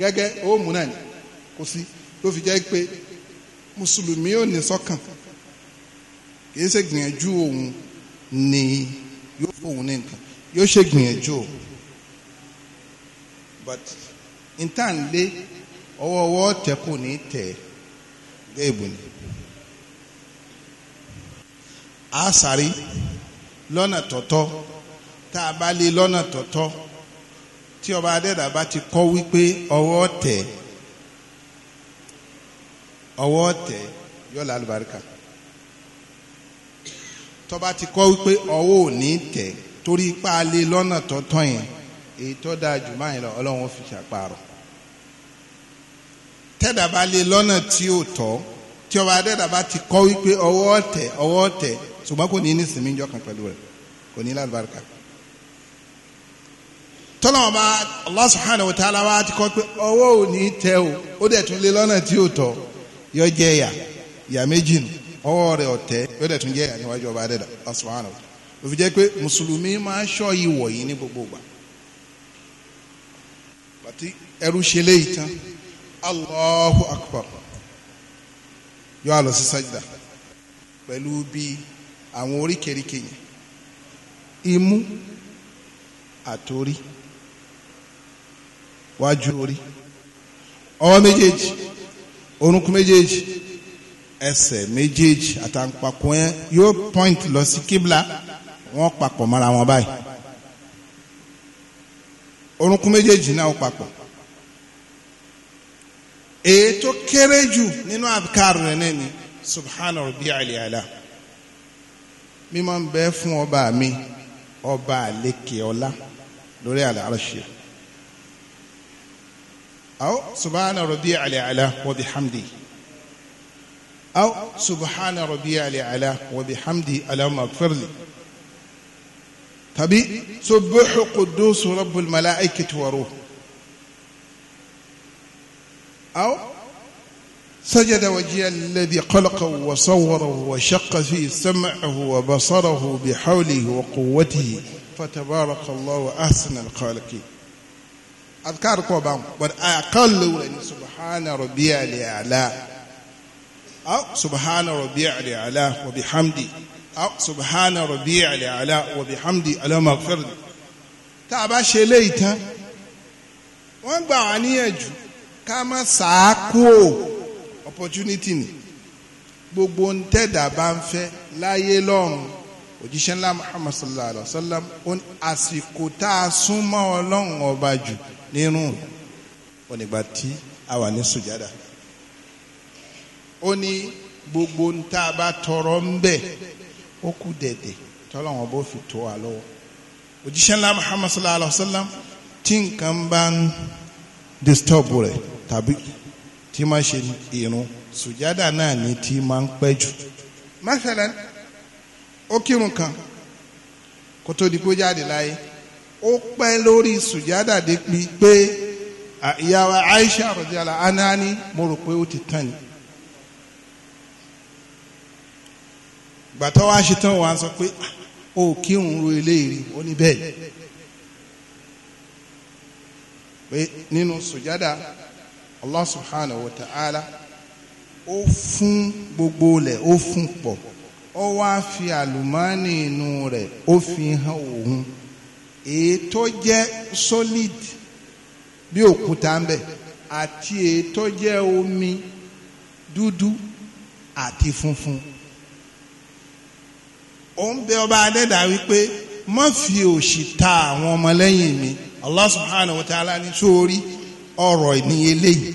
gẹ́gẹ́ ó mú náà ní kò sí ló fi jẹ́ pé mùsùlùmí ò ní sọ́kàn kì í ṣe gbìyànjú òun ni yóò fún òun ní nǹkan yóò ṣe gbìyànjú òun but ntànlé ọwọ́wọ́ tẹ̀kù ní tẹ̀ géèbù ni. a sáré lọ́nà tọ̀tọ̀ tá a bá lé lọ́nà tọ̀tọ̀ tí ọba adẹ́dà bá ti kọ́ wípé ọwọ́ tẹ̀ ọwọ́ tẹ̀ yọ̀ọ́ lálùbáríkà tọba ti kọ́ wípé ọwọ́ ò ní tẹ̀ torí ipá lé lọ́nà tọ̀tọ̀ yẹn èyí da dáa jù máa yẹn lọ ọlọ́run fi ṣàpàrọ̀ tẹ́dà bá lé lọ́nà tí ò tọ́ tí ọba adẹ́dà bá ti kọ́ wípé ọwọ́ ọ̀tẹ̀ ọwọ́ ọ̀tẹ̀ ṣùgbọ́n kò ní ní sinmi jọ kan pẹ̀lú rẹ̀ kò ní lálùbáríkà tọ́lọ́wọ́n bá Allah subhanahu wa ta'ala wá ti kọ́ pé ọwọ́ ò ní tẹ o ó dẹ̀ tún lé lọ́nà tí ò tọ́ yọ jẹ́ ẹ̀yà ìyà méjì nù ọwọ́ rẹ̀ ọ̀tẹ́ yóò dẹ̀ tún jẹ́ ẹ̀yà níwájú ọba adẹ́dà Allah subhanahu wa ta'ala ẹrú ṣe léyìí tán allahu akbar yọ àlọ sí sajda pẹ̀lú bí àwọn oríkèéríkèé yẹn imú àtòrí wájú orí ọwọ́ méjèèjì orúnkún méjèèjì ẹsẹ̀ méjèèjì àtàǹpàkò yẹn yóò point lọ sí kíbla wọ́n papọ̀ mọ́ra wọn báyìí orúnkún méjèèjì náà papọ̀ èyí tó kéré jù nínú àbíkárù rẹ̀ náà ni subhana rabbi aliyala mímọ́ ń bẹ fún ọba mi ọba àlékè ọlá lórí àlàáṣẹ aw subhana rabbi aliyala wa bihamdi aw subhana rabbi aliyala wa bihamdi alama akfirli tàbí subuhu quddus rabbul malaikati wa أو سجد وجه الذي خلقه وصوره وشق فيه سمعه وبصره بحوله وقوته فتبارك الله أحسن الخالقين أذكار قبام أقل سبحان ربي الأعلى أو سبحان ربي الأعلى وبحمدي أو سبحان ربي الأعلى وبحمدي اللهم اغفر لي tá a bá ṣe ká má sàákúò opportunity ni gbogbo ń tẹ̀dá bá ń fẹ́ láyé lọ́run òjíṣẹ́ ńlá muhammad sallallahu alayhi wa sallam ó ní àsìkò tá a súnmọ́ ọlọ́run ọba jù nínú ó tí a wà ní sùjádà ó ní gbogbo ń tá a bá tọrọ ń bẹ̀ ó kú dẹ̀dẹ̀ tọ́lọ́wọ́n bó fi tó wa lọ́wọ́ òjíṣẹ́ ńlá muhammad sallallahu alayhi wa sallam tí nǹkan bá ń disturb rẹ̀ tàbí tí máa ṣe irun sùjádà náà ni tí máa ń pẹ́ jù. masalan ó kírun kan kó tó di pé ó jáde láyé ó pẹ́ lórí sùjádà dé pé ìyàwó Aisha radiyallahu anha ni mo rò pé ó ti tán ni. gbàtọ́ wá ṣe tán wà á sọ pé ah, ó kírun ro eléyìí ó ní bẹ́ẹ̀ pé nínú sùjádà. Allah subhanahu wa ta'ala ó fún gbogbo rẹ̀ ó fún pọ̀ ó wá fi àlùmọ́ọ́nì inú rẹ̀ ó fi hàn òun èyí tó jẹ́ solid bí òkúta ń bẹ àti èyí tó jẹ́ omi dúdú àti funfun ó bẹ ọba adẹ́dà wípé má fi òṣì ta àwọn ọmọlẹ́yìn mi Allah subhanahu wa ta'ala ní sórí. So ọ̀rọ̀ ni eléyìí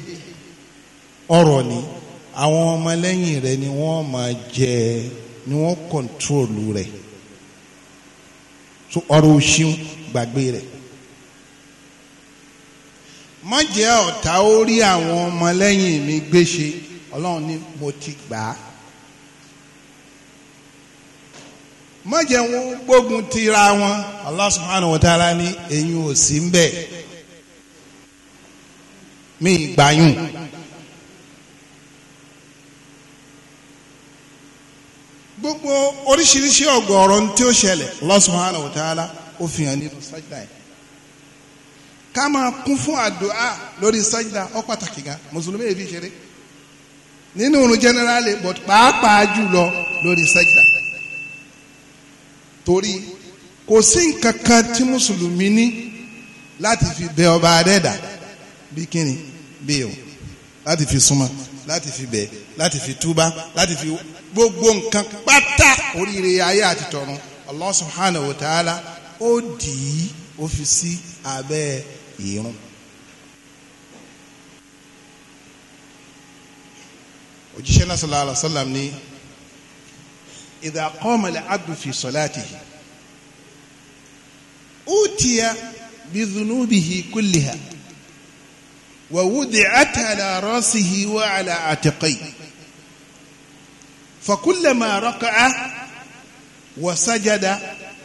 ọ̀rọ̀ ní àwọn ọmọlẹ́yìn rẹ̀ ni wọ́n máa jẹ ni wọ́n kọ̀ǹtrólù rẹ̀ so ọ̀rọ̀ òṣìun gbàgbé rẹ̀ má jẹ́ ọ̀tá ó rí àwọn ọmọlẹ́yìn mi gbéṣe ọlọ́run ni mo ti gbà á má wọn gbógun tira wọn Allah subhanahu wa ta'ala ní ẹ̀yin ò sí ń bẹ́ẹ̀ mi gbàyùn. gbogbo oríṣiríṣi ọ̀gọ̀ọ̀rọ̀ tí ó ṣẹlẹ̀ Allah subhanahu wa ta'ala ó fi hàn nínú sájìdá yẹn ká máa kún fún àdúà lórí sájìdá ó pàtàkì gan mùsùlùmí èyí fi ṣeré nínú òrùn generally but pàápàá jùlọ lórí sájìdá torí kò sí nǹkan kan tí mùsùlùmí ní láti fi bẹ ọba adẹ́dà bí kíni bẹ́ẹ̀ o láti fi súnmọ́ láti fi bẹ̀ láti fi túbá láti fi gbogbo nǹkan pátá oríire ayé àti tọ̀run Allah subhanahu wa ta'ala ó dì í ó fi sí abẹ́ ìrun. òjíṣẹ́ náà sallallahu alaihi wasallam ní idha qama al-abdu fi salatihi utiya bi ووضعت على رأسه وعلى عاتقيه فكلما ركع وسجد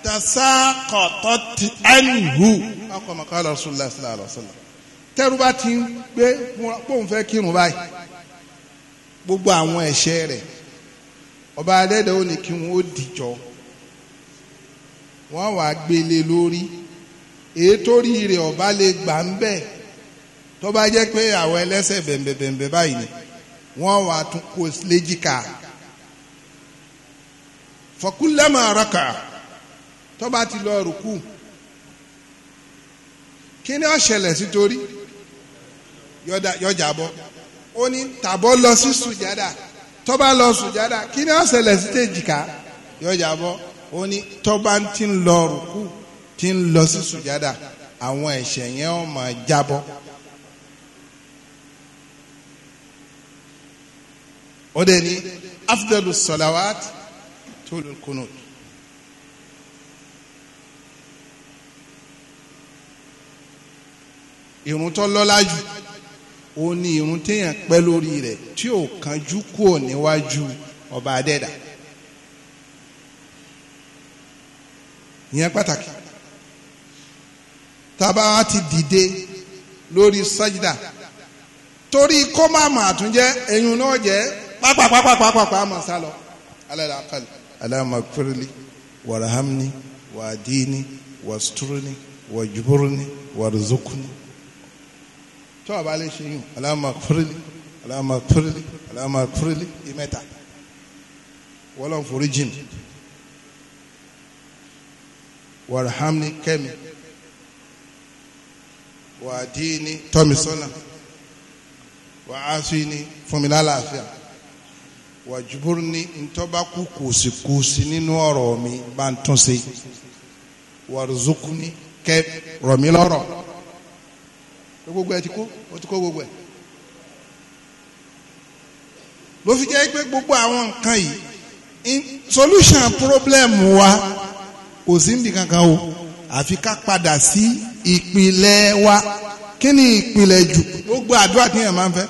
تساقطت عنه أو كما قال رسول الله صلى الله عليه وسلم tẹ́rù bá ti ń gbé pòun fẹ́ kírun báyìí gbogbo àwọn ẹ̀ṣẹ̀ rẹ̀ ọba adẹ́dẹ́ ó ní kí wọ́n ó dìjọ wọ́n wàá gbélé lórí èyí tó rí rẹ̀ ọba lè gbà ń bẹ́ẹ̀ tó bá jẹ́ pé àwọn ẹlẹ́sẹ̀ bẹ̀m̀bẹ̀bẹ̀m̀bẹ̀ báyìí ni wọ́n wà tún kó léjìká fọkúlẹ́mọ̀ àrọ́kà tó bá ti lọ rùkú kí ni ó ṣẹlẹ̀ sí torí yọjà bọ́ ó ní tàbọ́ lọ sí sùjádà tó bá lọ sùjádà kí ni ó ṣẹlẹ̀ sí tèjìká yọjà bọ́ ó ní tó bá ti lọ rùkú ti lọ sí sùjádà àwọn ẹ̀ṣẹ̀ yẹn ó máa jábọ́. ó dẹ̀ ní afdalu salawat tulu kunut. irun tó lọ́lá jù ó ní irun téèyàn pẹ́ lórí rẹ̀ tí ò kanjú kúò níwájú ọba adẹ́dà ìyẹn pàtàkì tábà wá ti dìde lórí sájídà torí kó má mà tún jẹ́ náà jẹ́ pápápápápápá máa sá lọ alẹ́ la kàlí. aláma kúrẹ́lì wàràhámni wàdíni wàstúrúni wàjúbúrúni wàrúzúkúni. tó o bá lè ṣe yùn aláma kúrẹ́lì aláma kúrẹ́lì aláma kúrẹ́lì ìmẹ́ta wọ́lọ́n forí jìn wàràhámni kẹ́mi wàdíni wàjúbúrúni ntọ́bakú kùsìkùsì nínú ọ̀rọ̀ mi bá ń tún ṣe wàrúzùkúni kẹ rọ̀mí lọ́rọ̀ gbogbo ẹ ti kó ó ti kó gbogbo ẹ ló fi jẹ́ pé gbogbo àwọn nǹkan yìí solution problem wa kò sí nídìí kankan o àfi ká padà sí ìpìlẹ̀ wa kí ni ìpìlẹ̀ jù gbogbo àdúrà tí yẹn máa ń fẹ́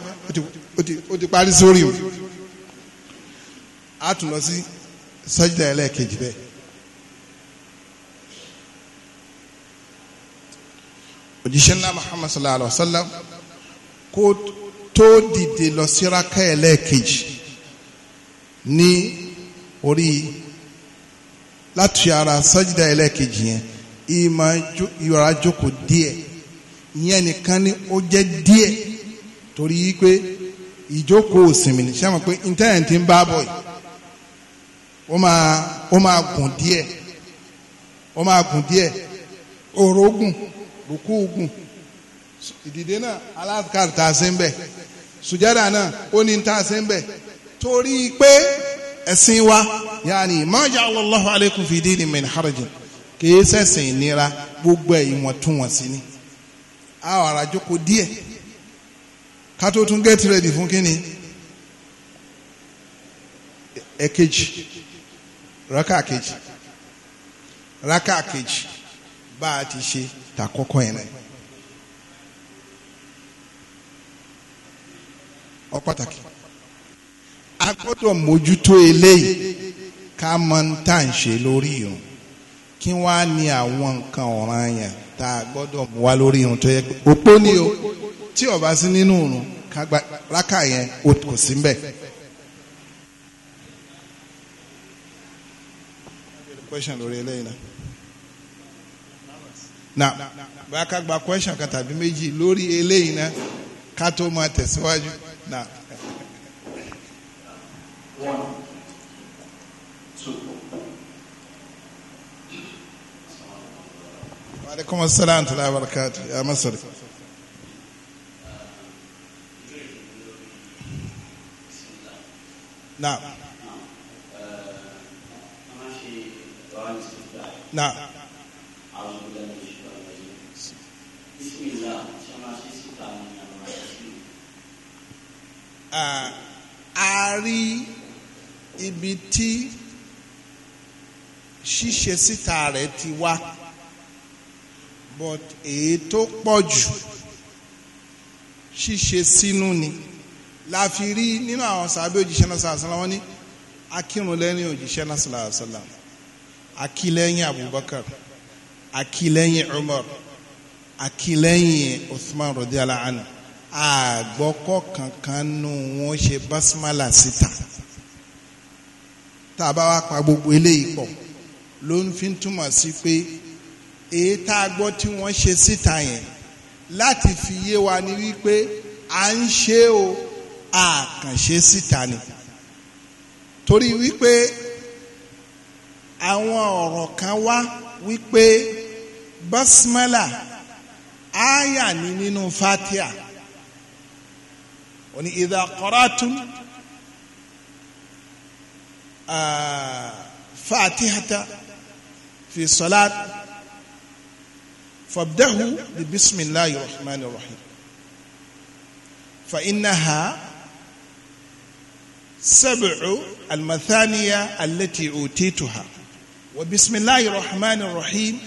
ó ti parí sórí o a tún lọ sí sájídà ẹlẹ́ẹ̀kejì bẹ́ẹ̀. òjíṣẹ́ ńlá muhammad sallallahu alayhi wa sallam kó tó dìde lọ sí rákà ẹlẹ́ẹ̀kejì ní orí láti ara sájídà ẹlẹ́ẹ̀kejì yẹn ìmọ̀ ìyọ̀ra jókòó díẹ̀ ìyẹn nìkan ni ó jẹ́ díẹ̀ torí pé ìjókòó òsìnmì ní sẹ́wọ̀n pé intanet ń bá bọ̀ yìí ó máa ó máa gùn díẹ̀ ó máa gùn díẹ̀ orógùn rùkúùgùn ìdìde náà aláàkàrà tá a ṣe ń bẹ̀ sùjádà náà ó ní tá a ṣe ń bẹ̀ torí pé ẹ̀sìn wa yaani ma Allahu alaykum fi dini min harajin kìí sẹ̀sìn ìnira gbogbo ẹ̀ ìwọ̀ntúnwọ̀nsí ni àwọn àràjòkó díẹ̀ ká tó tún get ready fún kínni ẹ̀kejì. rákà kejì rákà kejì bá a ti ṣe tàkọ́kọ́ yẹn náà ọ pàtàkì a gbọ́dọ̀ mójútó eléyìí ká mọ ń tà ń ṣe lórí irun kí wọ́n ní àwọn nǹkan ọ̀ràn yẹn tá a gbọ́dọ̀ mú wá lórí irun tó yẹ pé òpó ni o tí ó sí nínú irun ká gba rákà yẹn kò sí mbẹ̀. question lórí eléyìí náà na bá ká gba question kan tàbí méjì lórí eléyìí náà ká tó máa tẹ̀síwájú one two. wa aleykum asalaam wa rahmatulahi wa barakatu ya masori. Now. نعم a rí ibi tí ṣíṣe síta rẹ̀ ti wá but èyí tó pọ̀ jù ṣíṣe sínú ni la fi rí nínú àwọn sàbẹ̀ òjíṣẹ́ náà sàlàsàlà wọn ní akírun lẹ́yìn òjíṣẹ́ náà sàlàsàlà akilẹ́yìn Abubakar akilẹ́yìn Umar akilẹ́yìn Uthman radiyallahu anhu àgbọ́kọ́ kankan nù wọ́n ṣe basmala síta tá a bá wá pa gbogbo eléyìí pọ̀ ló ń fi túmọ̀ sí pé èyí tá a gbọ́ tí wọ́n ṣe síta yẹn láti fi yé wa ni wípé à ń ṣe o àkànṣe síta ni torí wípé àwọn ọ̀rọ̀ kan wá wípé basmala aya ni nínú fatiha òní idha qara'tum fatihata fi salat fabdahu bi bismillahi rahmani rahim fa innaha sab'u al-mathaniya utituha. وبسم الله الرحمن الرحيم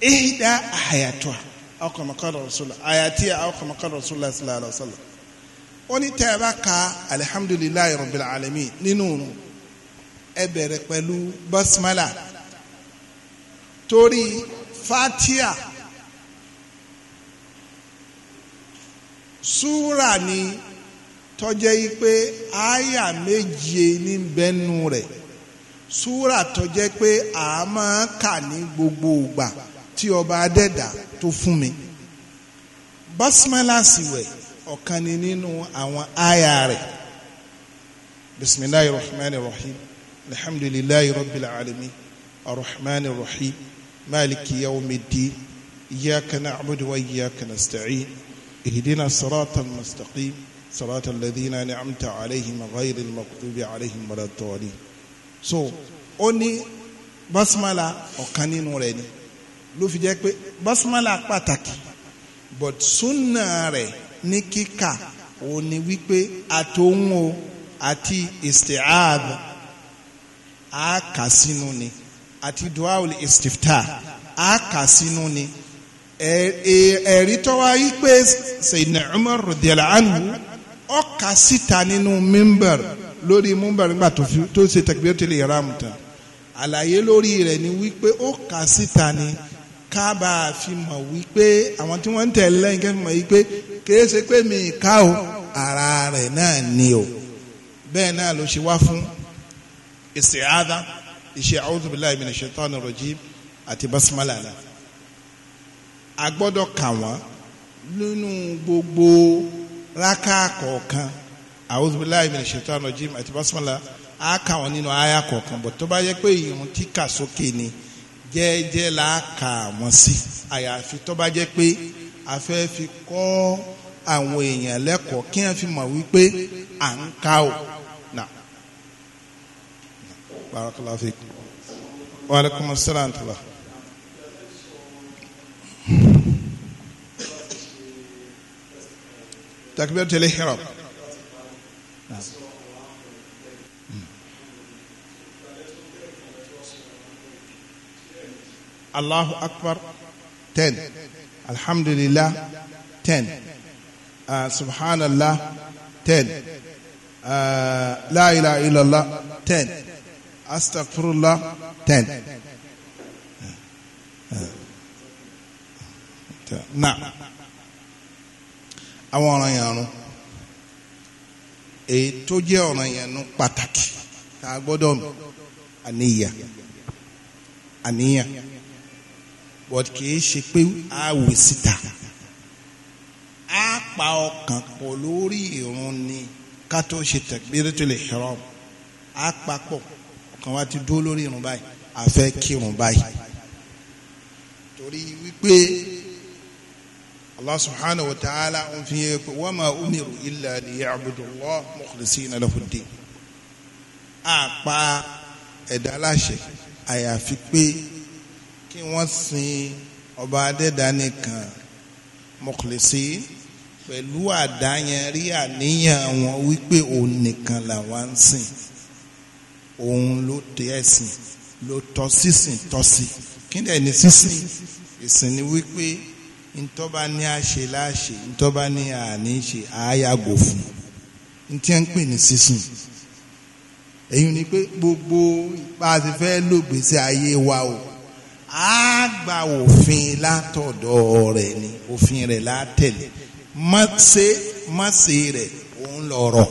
ihda حياته aw kama qala rasulullah ayatiya aw kama qala rasulullah sallallahu alaihi wa sallam ó ní tẹ́ ẹ bá ka alihamdulilayi rabbil alamin nínú ẹ bẹ̀rẹ̀ pẹ̀lú basmala torí fatia súra ni tó jẹ́ pé aya méje ní bẹ́nu rẹ̀ súrà tó jẹ́ pé a máa kà ní gbogbo ìgbà tí ọba adẹ́dà tó fún mi basmalasi wẹ̀ ọ̀kan ni nínú àwọn àyà rẹ̀ bisimilahi rahman rahim alhamdulilayi rabbil alamin arrahman rahim maliki yawmiddin iyyaka na'budu wa iyyaka nasta'in ihdina siratal mustaqim siratal ladhina an'amta alayhim ghayril maghdubi alayhim waladdallin so ó ní basmala ọ̀kan nínú rẹ̀ ni ló fi jẹ́ pé basmala pàtàkì but sunna rẹ̀ ní kíkà ó ní wípé àtòhún o àti isti'ab á kà sínú ni àti duawul istifta á kà sínú ni ẹ̀rí tó wá yí pé Sayyidina Umar radiyallahu anhu ó kà síta nínú mímbẹ̀rẹ̀ lórí múmbà nígbà tó ṣe takbiratul ihram tán àlàyé lórí rẹ̀ ni wípé ó kà síta ni kábà fi mọ̀ wípé àwọn tí wọ́n ń tẹ̀lé lẹ́yìn kẹ́fì mọ̀ wípé kìí ṣe pé mi ká o ara rẹ̀ náà ni o bẹ́ẹ̀ náà ló ṣe wá fún isti'adha ìṣe a'udhu billahi minash shaitani rajim àti basmala a gbọ́dọ̀ kà wọ́n nínú gbogbo rákà kọ̀ọ̀kan àwùjọbíláì mi ṣètò ànàjìm àti bàṣọlá á kà wọn nínú àyà kọ̀ọ̀kan bọ̀ tó bá yẹ pé ìrun tí kà sókè ni jẹ́ẹ́jẹ́ là á kà wọ́n sí àyàfi tó bá jẹ́ pé a fẹ́ fi kọ́ àwọn èèyàn lẹ́kọ̀ọ́ kí wọ́n fi mọ̀ wípé à ń kà ó nà. barakallahu fikum wa alaikum assalam نعم. الله أكبر 10 الحمد لله 10 آه سبحان الله 10 آه لا إله إلا الله 10 أستغفر الله 10 آه. آه. نعم أولا يا نو èyí tó jẹ́ ọ̀ràn yẹn nu pàtàkì tá a gbọ́dọ̀ mọ̀ àníyàn àníyàn but kì í ṣe pé a wò síta a pa ọkàn pọ̀ lórí ìrun ni ká tó ṣe takbiratul ihram a pa pọ̀ ọkàn wa ti dúró lórí ìrun báyìí a fẹ́ kírun báyìí torí wípé. Allah subhanahu wa ta'ala ń fi yẹ pé wa ma umiru illa liya'budu Allah mukhlisina lahud-din àpá ẹ̀dá láṣẹ àyàfi pé kí wọ́n sin ọba adẹ́dá nìkan mọ̀kìlẹ́sí pẹ̀lú àdáyanrí àníyàn wọn wípé òun nìkan làwọn ń sìn òun ló tẹ ẹ̀sìn ló tọ́ sísìn tọ́ sí kí ni ẹni sísìn ìsìn ni wípé ntọ́ba ní a ṣe láṣe ntọ́ba ní a ní ṣe àáyàgò fún ntí à ń pè ní sísìn èyí ni pé gbogbo ipa ti fẹ́ lògbèsè ayé wa o a gba òfin látọ̀dọ̀ rẹ̀ ni òfin rẹ̀ látẹ̀lé mọ́sẹ̀ mọ́sẹ̀ rẹ̀ òun lọ̀rọ̀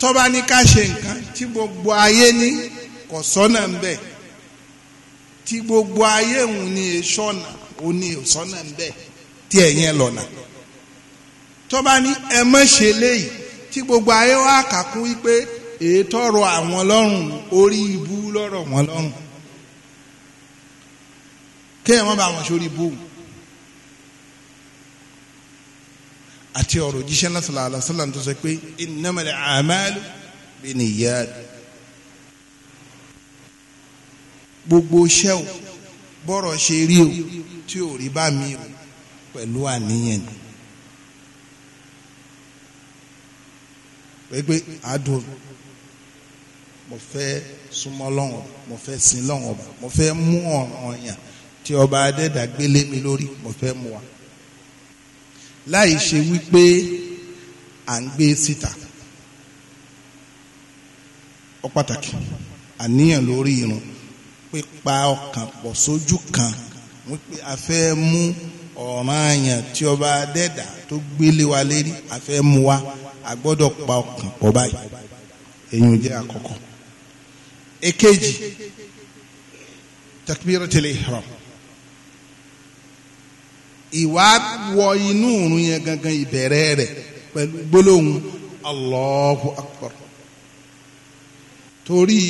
tọ́ba ní ká ṣe nǹkan tí gbogbo ayé ní kò sọ́nà ń bẹ̀ tí gbogbo ayé òun ni èsọ́nà òun ni èsọ́nà ń bẹ tí ẹ̀yìn lọ́nà tọ́ba ní ẹ mọ̀ ṣe léyìí tí gbogbo ayé wá kàkún wípé ètò ọ̀rọ̀ àwọn lọ́rùn orí ibú lọ́rọ̀ wọn lọ́rùn kéèyàn má bá wọn sórí ibú àti ọ̀rọ̀ jíṣẹ́ náà sallallahu alaihi wasallam tó sọ pé innamal a'malu binniyat. gbogbo iṣẹ́ o bọ́rọ̀ ṣe rí o tí ò rí bá mi o pẹ̀lú àníyàn ni. pẹ̀pẹ́ adùn mo fẹ́ súnmọ́ lọ́wọ́ mo fẹ́ sin lọ́wọ́ mo fẹ́ mú ọ̀ràn yàn tí ọba adẹ́dà gbélé mi lórí mo fẹ́ mú wa. láì ṣe wípé à ń gbé síta ó pàtàkì àníyàn lórí irun pípa ọkàn pọ̀ sójú kan wípé a fẹ́ mú ọ̀ràn àyàn tí ọba adẹ́dà tó gbélé wa lérí a fẹ́ mú wa a gbọ́dọ̀ pa ọkàn pọ̀ báyìí èyí ò jẹ́ àkọ́kọ́. èkejì takbiratul ihram ìwà wọ inú òrùn yẹn gangan ìbẹ̀rẹ̀ rẹ̀ pẹ̀lú gbólóhùn Allahu Akbar torí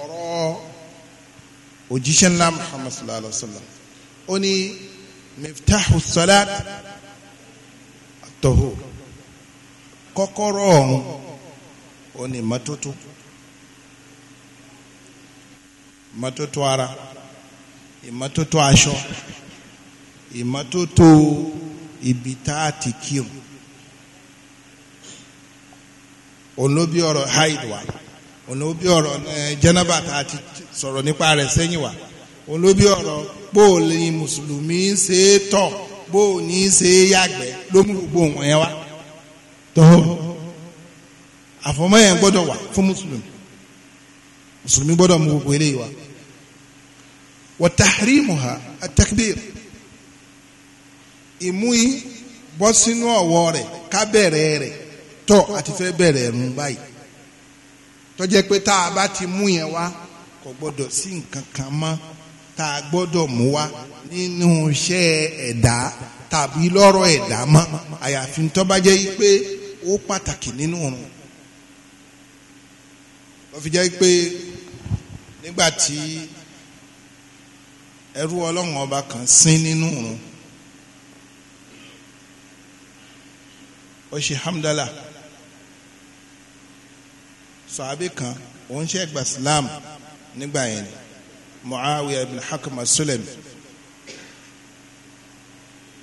ọ̀rọ̀ òjíṣẹ́ ńlá muhammad sallallahu alaihi wa sallam ó ní miftahu salat tohu kọ́kọ́rọ́ ọ̀run ó ní mọ́tótó ìmọ́tótó ara ìmọ́tótó aṣọ ìmọ́tótó ibi tá a ti kírun olóbi ọ̀rọ̀ haid wa òun ló bí ọ̀rọ̀ jẹ́nàbà tá a ti sọ̀rọ̀ nípa rẹ̀ sẹ́yìn wá òun ló bí ọ̀rọ̀ bóòlì mùsùlùmí ṣe é tọ̀ bóòní ṣe é yàgbẹ́ ló mú gbogbo wọn yẹn wá tó àfọmọ́ yẹn gbọ́dọ̀ wà fún mùsùlùmí mùsùlùmí gbọ́dọ̀ mú gbogbo eléyìí wá wa tahrimuha at-takbir ìmúyí bọ́ sínú ọ̀wọ́ rẹ̀ ká bẹ̀rẹ̀ rẹ̀ tọ́ àti fẹ́ bẹ̀rẹ̀ rún báyìí tó jẹ́ pé tá a bá ti mú yẹn wá kò gbọ́dọ̀ sí nǹkan kan mọ́ tá a gbọ́dọ̀ mú wá nínú iṣẹ́ ẹ̀dá tàbí lọ́rọ̀ ẹ̀dá mọ́ àyàfi tó bá jẹ́ pé ó pàtàkì nínú òrùn wọ́n fi jẹ́ pé nígbà tí ẹrú ọlọ́run ọba kan sín nínú òrùn ó ṣe hamdala sàábì kan òun ṣe gba Islam nígbà yẹn ni Muawiya ibn Hakam as-Sulami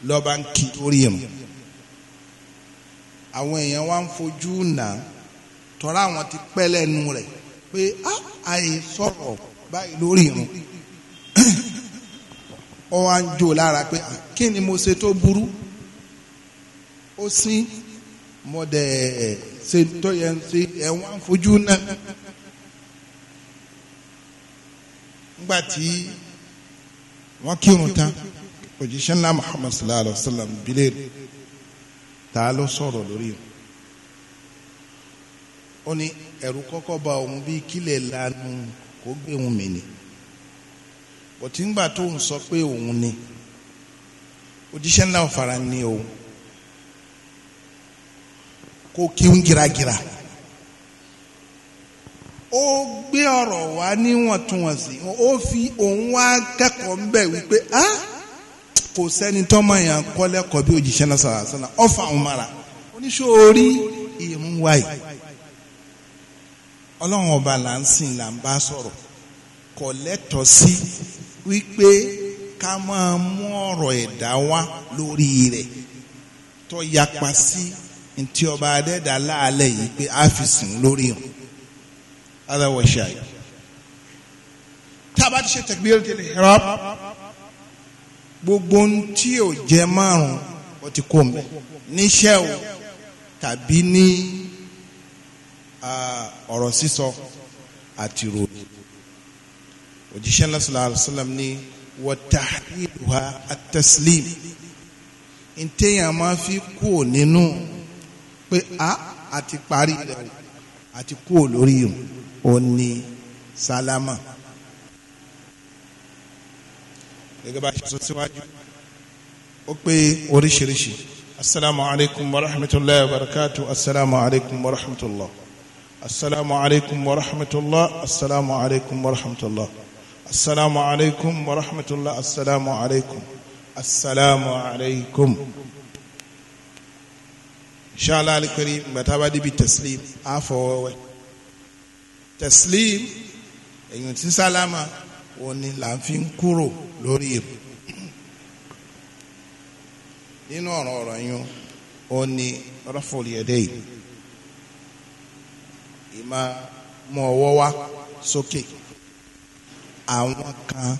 lọ́ba ń kí orí mu àwọn èèyàn wá ń fojú nà tọ́ra àwọn ti pẹ́ lẹ́nu rẹ̀ pé àyè sọ̀rọ̀ báyìí lórí mu ó wá ń jó lára pé kí ni mo ṣe tó burú ó sín mọ́ dẹ̀ ẹ̀ ṣe ń tọ́ yẹn ṣe ẹ̀ wọ́n á fojú náà kírun tán òjíṣẹ́ ńlá Muhammad sallallahu alayhi wa sallam bilẹ̀ ta ló sọ̀rọ̀ lórí o ó ní ẹ̀rù kọ́kọ́ ba òun bíi kílẹ̀ lanu kó gbé òun mì ní bọ̀tí ńgbà tó ń sọ pé òun ni òjíṣẹ́ ńlá ọ̀fara ni òun. kò kí ń giragira ó gbé ọrọ wá níwọ̀ntúnwọ̀nsì ó fi òun wá kẹkọọ mbẹ wípé á kò sẹ́ni tọ́mọ yẹn kọ́ kọ bí òjìṣẹ́ náà sọ̀rọ̀ àṣọ náà ọ̀fà òun mara oníṣòorí ìrún wáyé ọlọrun ọba là ń sìn là ń bá sọ̀rọ̀ kò lẹ́tọ̀ọ́ sí wípé ká máa mú ọ̀rọ̀ ẹ̀dá wá lórí rẹ̀ tó yapa sí. Si ntí ọba adẹ́dà láàlẹ́ yìí pé a fi sìn lórí hàn otherwise ṣáà tá a bá ti ṣe takbiratul ihram gbogbo ntí ò jẹ márùn ó ti kó mi níṣẹ́ o tàbí ní ọ̀rọ̀ sísọ àti ròyìn òjíṣẹ́ náà sallallahu alaihi ní wa tahliluha at-taslim ntẹ̀yàn máa fi kú nínú pé a àti parí rẹ̀ àti kúrò lórí ìrùn ó ní sálámà gẹ́gẹ́ bá a ṣe sọ síwájú ó pé oríṣiríṣi asalaamu alaykum wa rahmatulahi wa barakatu asalaamu alaykum wa rahmatulah asalaamu wa rahmatulah asalaamu wa rahmatulah asalaamu wa rahmatulah asalaamu alaykum asalaamu inshallah alikari gbàtàbà dibi taslim àfọwọ́wẹ́ taslim èyàn tí sálámà wọn ni là ń fi ń kúrò lórí ìrù nínú ọ̀rọ̀ ọ̀rọ̀ yẹn ó ní rọ́fọ̀lì ẹ̀dẹ́ yìí ìmá mú ọwọ́ wá sókè àwọn kan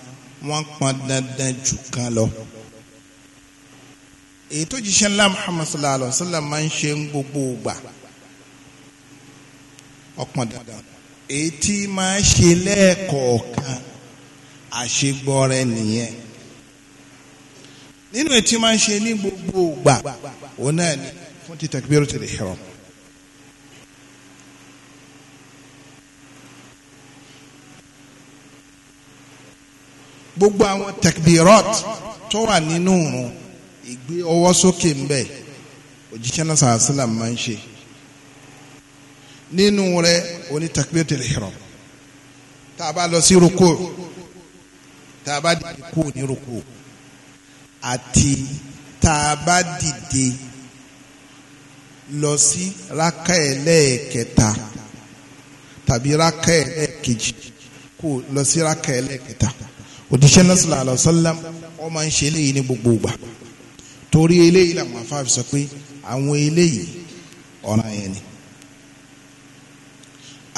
wọ́n pọn dandan jù kan lọ èyí tó jíṣẹ́ ńlá muhammad sallallahu alayhi wa sallam máa ń ṣe ń gbogbo ògbà ọpọn dandan èyí tí máa ṣe lẹ́ẹ̀kọ̀ọ̀kan àṣegbọ́rẹ́ nìyẹn nínú èyí tí máa ṣe ní gbogbo ògbà òun náà ni fún ti takbiratul ihram. gbogbo àwọn takbirat tó wà nínú òun ìgbé ọwọ́ sókè ń bẹ̀ òjíṣẹ́ náà sàásìlà máa ń ṣe nínú rẹ oní takbiratul ihram tá a bá lọ sí ruku tá a bá dìde kú ní ruku àti tá a bá dìde lọ sí rákà ẹlẹ́ẹ̀kẹta tàbí rákà ẹlẹ́ẹ̀kejì kú lọ sí rákà ẹlẹ́ẹ̀kẹta òjíṣẹ́ náà sàlá àlọ́ ń ṣe eléyìí ní gbogbo ìgbà torí eléyìí làwọn afáàfin sọ pé àwọn eléyìí ọ̀ràn yẹn ni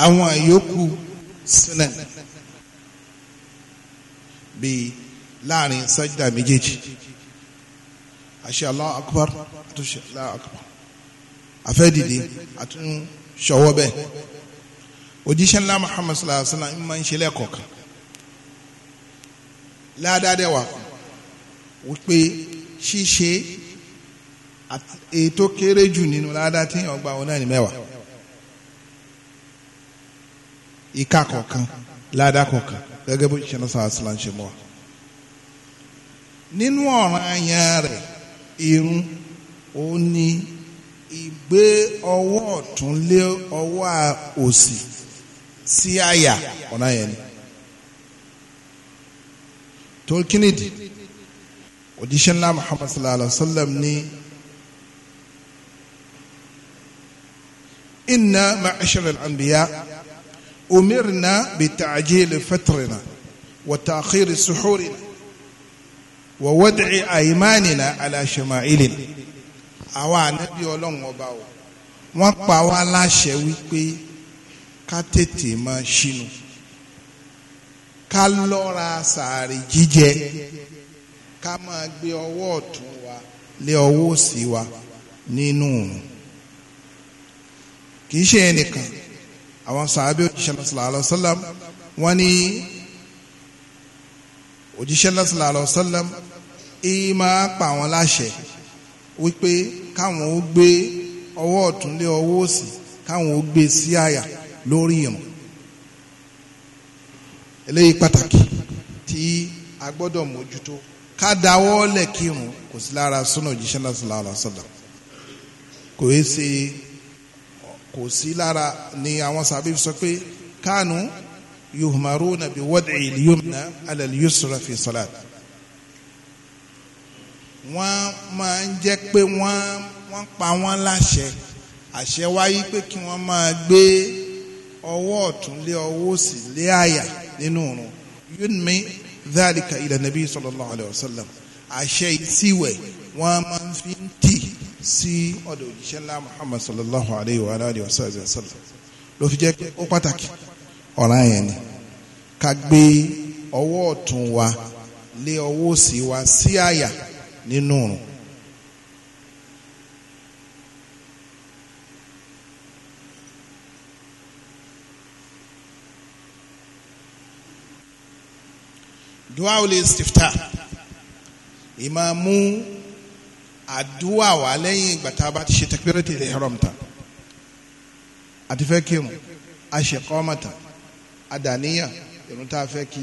àwọn àyókù sílẹ̀ bíi láàrin sájúdà méjèèjì àṣẹ Allahu akbar àtúnṣe Allahu akbar àfẹ́dìde àtúnṣọwọ́ bẹ́ẹ̀ òjíṣẹ́ ńlá Muhammad sallallahu alayhi wa sallam máa ń ṣe lẹ́ẹ̀kọ̀ọ̀kan ládàá wípé ṣíṣe ètò kéré jù nínú ládá tí yàn gba ọ̀nà ní mẹ́wàá ìka kọ̀ọ̀kan ládá kọ̀ọ̀kan gẹ́gẹ́ bó ṣe náà sàásì là ń ṣe mọ́ wa. nínú ọ̀ràn àyàn rẹ̀ irun ó ní ìgbé ọwọ́ ọ̀tún lé ọwọ́ òsì sí àyà ọ̀nà yẹn ni. tó kí nìdí òjíṣẹ́ ńlá muhammad sallallahu alayhi wa sallam ní inna ma'ashar al-anbiya umirna bi ta'jil fatrina wa ta'khir suhurina wa wad'i aymanina ala shama'ilina àwa ànábì ọlọ́run ọba o wọ́n pa wá láṣẹ wípé ká tètè máa ṣinu ká lọ́ra sàárì jíjẹ ká máa gbé ọwọ́ ọ̀tún wa lé ọwọ́ òsì wa nínú òun kì í ṣe ẹnìkan àwọn sàábé òjíṣẹ́ náà sallallahu wọ́n ní òjíṣẹ́ náà sallallahu èyí máa pa àwọn láṣẹ wípé káwọn ó gbé ọwọ́ ọ̀tún lé ọwọ́ òsì káwọn ó gbé sí àyà lórí ìrun eléyìí pàtàkì tí a gbọ́dọ̀ mójútó ká dáwọ́ lẹ̀ kírun kò sí lára súnà òjíṣẹ́ náà sallallahu alaihi wasallam kò é ṣe kò sí lára ni àwọn sàbí sọ pé kánú yuhmaruna bi wad'il yumna ala al-yusra fi salat wọ́n máa ń jẹ́ pé wọ́n wọ́n pa wọ́n láṣẹ àṣẹ wáyé pé kí wọ́n máa gbé ọwọ́ ọ̀tún lé ọwọ́ òsì lé àyà nínú òrùn yunmi dhalika ila nabi sallallahu alayhi wa sallam àṣẹ ìsíwẹ̀ wọ́n máa ń fi ń tì sí ọ̀dọ̀ òjíṣẹ́ ńlá muhammad sallallahu alayhi wa alayhi wa sallam ló fi jẹ́ ó pàtàkì ọ̀ràn yẹn ni ká gbé ọwọ́ ọ̀tún wa lé ọwọ́ òsì wa sí àyà nínú òrùn dùwà ò lè stifta ìmáa mú àdúà wà lẹ́yìn ìgbà tá a bá ti ṣe takbirati al-ihram ta àti fẹ́ kí mu àṣekọ́mọ̀ ta àdàníyà irun tá a fẹ́ kí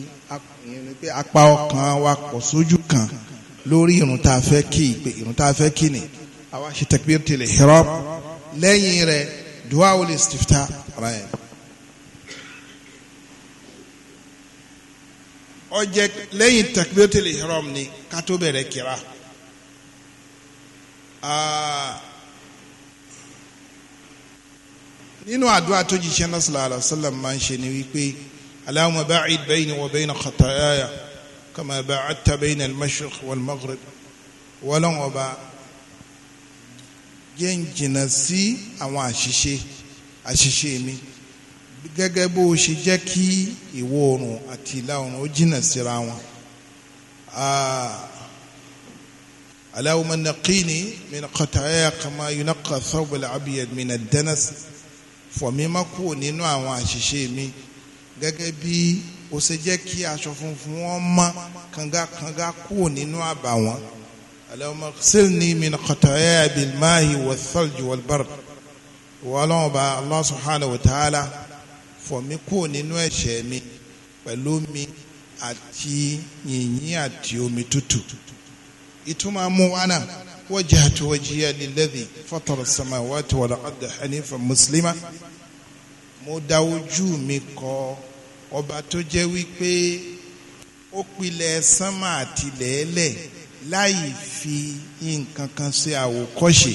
apá wa pọ̀ sójú kan lórí irun tá a fẹ́ kí irun tá a fẹ́ ni àwa ṣe takbirati al-ihram lẹ́yìn rẹ̀ dùwà ò lè stifta rẹ̀. ó jẹ́ lẹ́yìn takbiratul ihram ni ká tó bẹ̀rẹ̀ kíra nínú àdúrà tó jíṣẹ́ náà sallallahu alaihi wasallam máa ń ṣe ni wípé allahumma ba'id bayni wa bayna khataaya kama ba'adta bayna al-mashriq wal-maghrib wọ́lọ́n ọba jẹ́ ń jìnnà sí àwọn àṣìṣe àṣìṣe mi gẹ́gẹ́ bó o ṣe jẹ́ kí ìwọ̀ oòrùn àti ìlà oòrùn ó jìnnà síra wọn. Ah. Allahumma naqini min qataya kama yunqa thawbul abyad min ad-danas fọ̀ mí má kúrò nínú àwọn àṣìṣe mi gẹ́gẹ́ bí o ṣe jẹ́ kí aṣọ funfun wọn mọ́ kangakanga kúrò nínú àbàwọ́n. Allahumma ighsilni min qataya bil ma'i wath-thalji wal-bard. Wọ́n lọ́wọ́ bá Allah subhanahu wa ta'ala fọ̀ mí kúrò nínú ẹ̀ṣẹ̀ mi pẹ̀lú mi àti yìnyín àti omi tútù ìtumọ̀ amúhánà wajjahtu wajhiya lilladhi fatara as-samawati wal arda hanifan muslima mo dá ojú mi kọ ọba tó jẹ́ wípé ó pilẹ̀ sánmà àtìlẹ́ẹ̀lẹ̀ láì fi nǹkan kan ṣe àwòkọ́ṣe.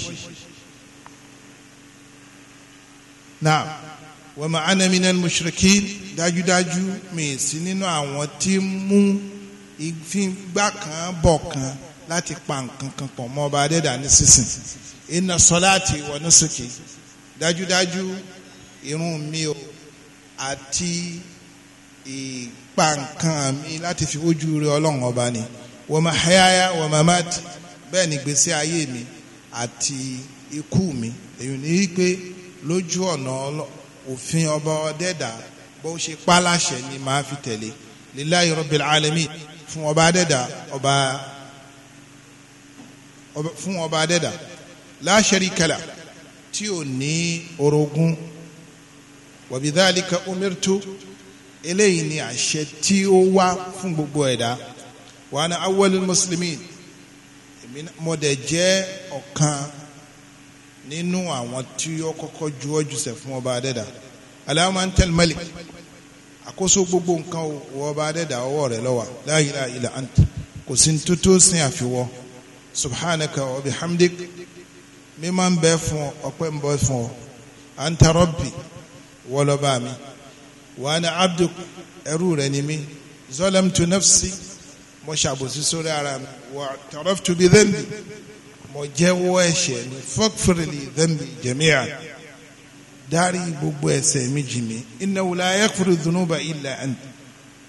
Now wa ma ana minal mushrikin dájúdájú mi sí nínú àwọn tí mú ìfigbá kan bọ̀ kan láti pa nǹkan kan pọ̀ mọ́ ọba adẹ́dà ní sísìn inna salati wa nusuki dájúdájú irun mi o àti ìpa nǹkan mi láti fi wójú rẹ ọlọ́run ọba ni wa mahayaya wa mamati bẹ́ẹ̀ ni gbèsè ayé mi àti ikú mi èyí ni wípé lójú ọ̀nà òfin ọba ọdẹ́dà bó ṣe pàláṣẹ ni màá fi tẹ̀lé lillahi rabbil alamin fún ọba adẹ́dà ọba fún ọba adẹ́dà la sharika la tí ò ní orogún wa bidhalika umirtu eléyìí ni àṣẹ tí ó wá fún gbogbo ẹ̀dá wa ana awwalul muslimin jẹ́ ọ̀kan nínú àwọn tí ó kọ́kọ́ ju ọjùsẹ̀ fún ọba adẹ́dà alamantel malik àkóso gbogbo nǹkan wọ ọba adẹ́dà ọwọ́ rẹ̀ lọ́wọ́ la ilaha illa ant kò sí tuntun sin àfiwọ́ subhanaka wa Hamdik mímọ́ ń bẹ fún ọ ọpẹ́ ń bẹ fún ọ anta rabbi wọlọ́ba mi wa ana abduk ẹrú rẹ̀ ni mí zalamtu nafsi mo ṣàbòsí sórí ara mi wa taraftu bi mo jẹ́wọ́ ẹ̀ṣẹ̀ mi fọ́kfìrìlì dẹ́mi jẹ̀míà dárí gbogbo ẹ̀ṣẹ̀ mi jì mí innahu la yaghfiru dhunuba illa anta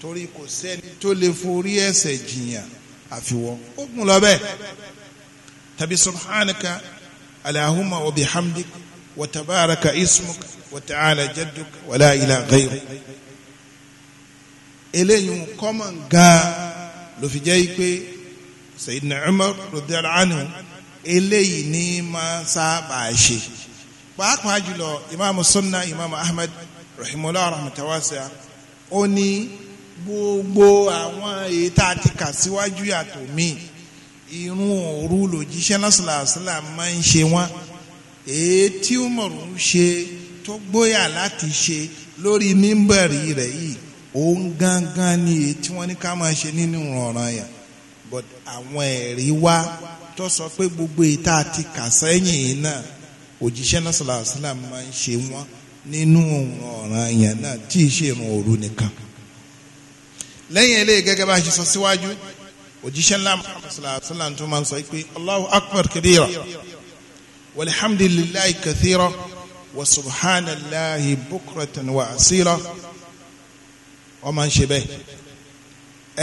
torí kò sẹ́ni tó lè forí ẹ̀ṣẹ̀ jìyàn àfiwọ́ ó kún lọ bẹ́ẹ̀ tàbí subhanaka alahuma wa bihamdik wa tabaraka ismuk wa ta'ala jadduk wa la ilaha ghayruk eléyìí kọ́mọ̀ gan ló fi jẹ́ pé Sayyidina Umar radiyallahu anhu eléyìí ní máa sábà ṣe pàápàá jùlọ imaamu sunna imaamu ahmed rahimahullah rahmatawasa ó ní gbogbo àwọn èyí tá a ti kà síwájú yàtọ̀ míì irun òru lòjíṣẹ́ lọ́sàlàsílà máa ń ṣe wọ́n èyí tí umaru ń ṣe tó gbóyà láti ṣe lórí mímbẹ̀rì rẹ̀ yìí òun gangan ni èyí tí wọ́n ní ká máa ṣe nínú ọ̀ràn yẹn but àwọn ẹ̀rí wá tó sọ pé gbogbo ìta àti kàsẹ́yìn náà òjíṣẹ́ náà sọ̀rọ̀ àṣìlá máa ń ṣe wọ́n nínú ọ̀ràn yẹn náà tí ì ṣe ìrun òru nìkan. lẹ́yìn eléyìí gẹ́gẹ́ bá a ṣe sọ síwájú òjíṣẹ́ ńlá sọ̀rọ̀ tó máa ń sọ pé Allahu akbar kadira walhamdulillahi kathira wa subhanallahi bukratan wa asira wọ́n máa ń ṣe bẹ́ẹ̀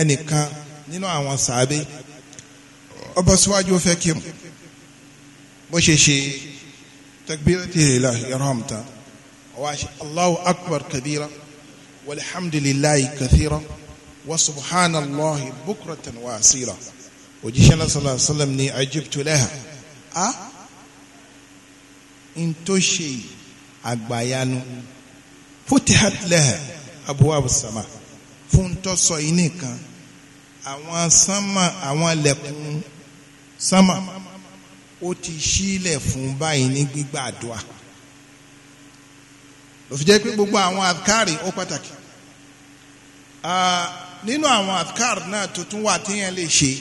ẹnìkan nínú àwọn sàábé ọbọ̀ síwájú ó fẹ́ kí mu bó ṣe ṣe takbirati lillahi irhamta wa ṣe allahu akbar kabira walhamdulillahi kathira wa subhanallahi bukratan wa asira òjíṣẹ́ náà sallallahu alaihi wasallam ní ajibtu laha a n tó ṣe àgbàyanu futihat laha abwabu sama fún tó sọ yìí nìkan àwọn sánmà àwọn lẹ̀kùn sámà ó ti ṣílẹ̀ fún báyìí ní gbígbà àdúrà lòfi jẹ́ pé gbogbo àwọn àkárì ó pàtàkì nínú àwọn àkárì náà tuntun wà téèyàn lè ṣe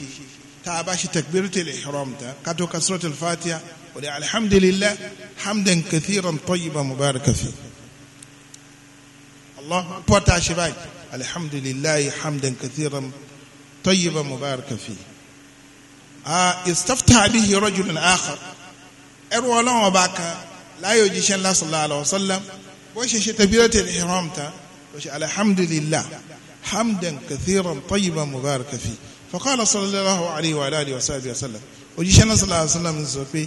tá a bá ṣe takbiratul ihram tán kátó kasratul fatiha wa la alhamdulillah hamdan kathiran tayyiban mubarakan fi allah pọ́tà ṣe báyìí alhamdulillah hamdan kathiran tayyiban mubarakan fi istaftaha bihi rajulun akhar ẹrú ọlọ́run ọba kan láyé òjíṣẹ́ ńlá sallallahu alaihi wasallam bó ṣe ṣe tabiratul ihram ta bó ṣe alhamdulillah hamdan kathiran tayyiban mubarakan fi faqala sallallahu alaihi wa alihi wa sahbihi wasallam òjíṣẹ́ ńlá sallallahu alaihi wasallam sọ pé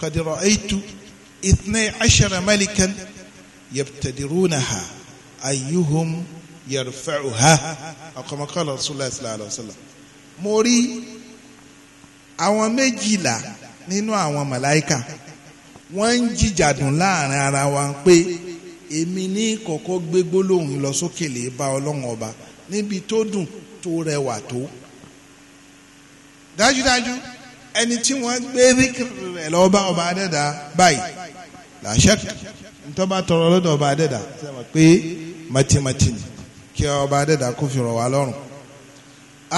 qad ra'aytu ithnay ashara malikan yabtadirunaha ayyuhum yarfa'uha ọkọ̀mọkọ̀ lọ́sùlá sallallahu alaihi wasallam mo rí àwọn méjìlá nínú àwọn màláìkà wọ́n ń jìjàdùn láàrin ara wa pé èmi ní kọ́kọ́ gbé gbólóhùn lọ sókè lè bá ọlọ́run ọba níbi tó dùn tó rẹwà tó dájúdájú ẹni tí wọ́n gbé ríkìrì rẹ̀ lọ bá ọba adẹ́dà báyìí làṣẹ ntọ́ba tọrọ lọ́dọ̀ ọba adẹ́dà pé màtìmàtì kí ọba adẹ́dà kó fi rọ̀ wá lọ́rùn.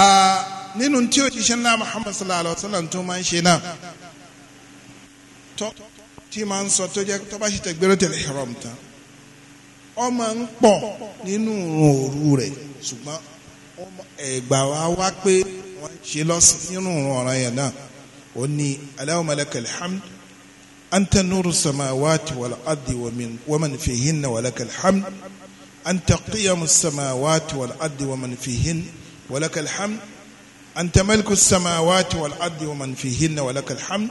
Ah, nínú tí òjíṣẹ́ ńlá Muhammad sallallahu alayhi wa sallam tó máa ń ṣe náà tó tí máa ń sọ tó jẹ́ tó bá ṣe tẹ̀gbẹ́rẹ́ tẹ̀lé ihram tán ó máa ń pọ̀ nínú òru rẹ̀ ṣùgbọ́n ẹ̀gbà wa wá pé wọ́n ṣe lọ́sìn nínú ọ̀ràn yẹn náà ó ní Allahumma anta nuru samawati wal ardi wa man fihinna wa lakal hamd anta qiyamu samawati wal ardi wa man fihinna wa lakal أنت ملك السماوات والأرض ومن فيهن ولك الحمد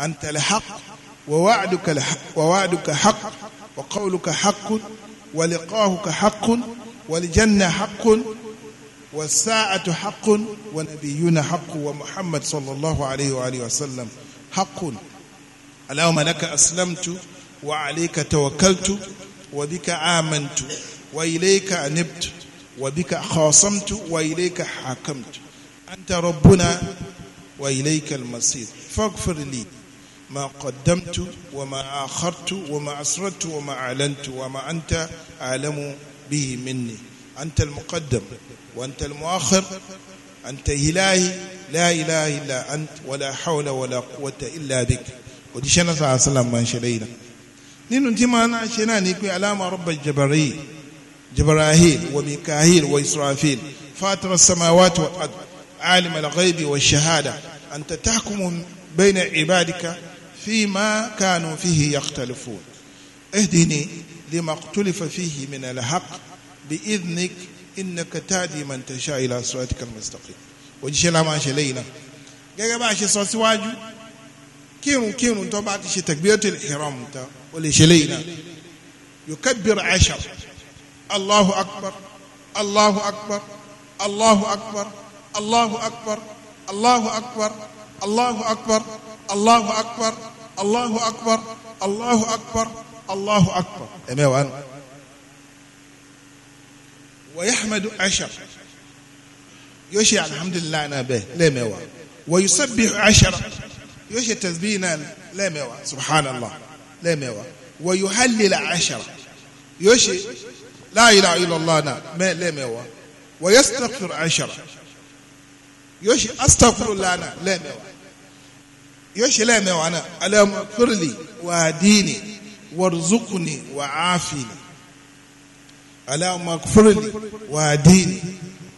أنت الحق ووعدك الحق ووعدك حق وقولك حق ولقاؤك حق والجنة حق والساعة حق ونبينا حق ومحمد صلى الله عليه وآله وسلم حق اللهم لك أسلمت وعليك توكلت وبك آمنت وإليك أنبت وبك خاصمت وإليك حاكمت أنت ربنا وإليك المصير فاغفر لي ما قدمت وما آخرت وما أسرت وما أعلنت وما أنت أعلم به مني أنت المقدم وأنت المؤخر أنت إلهي لا إله إلا أنت ولا حول ولا قوة إلا بك ودشنا صلى الله عليه وسلم من شرينا نينو تيما أنا شنا نيكوي علامة رب الجبري جبراهيل وميكاهيل وإسرافيل فاتر السماوات والأرض عالم الغيب والشهادة أنت تحكم بين عبادك فيما كانوا فيه يختلفون اهدني لما اختلف فيه من الحق بإذنك إنك تهدي من تشاء إلى صراطك المستقيم وجشلا ما شلينا gẹ́gẹ́ bá a ṣe sọ síwájú kírun kírun tó bá ti ṣe takbiratul ihram ta o lè yukabbir ashar allahu akbar allahu akbar allahu akbar الله أكبر الله أكبر الله أكبر الله أكبر الله أكبر الله أكبر الله أكبر ويحمد عشر يوشي الحمد لله أنا به لا ميوا ويسبح عشر يوشي تسبيحنا لا ميوا سبحان الله لا ميوا ويهلل عشر يوشي لا إله إلا الله لا ميوا ويستغفر عشر yóò ṣe astaghfirullah náà lẹ́ẹ̀mẹ́wàá yóò ṣe lẹ́ẹ̀mẹ́wàá náà alamfirli wàdíìnì warzuqni wàáfìnì alamfirli wàdíìnì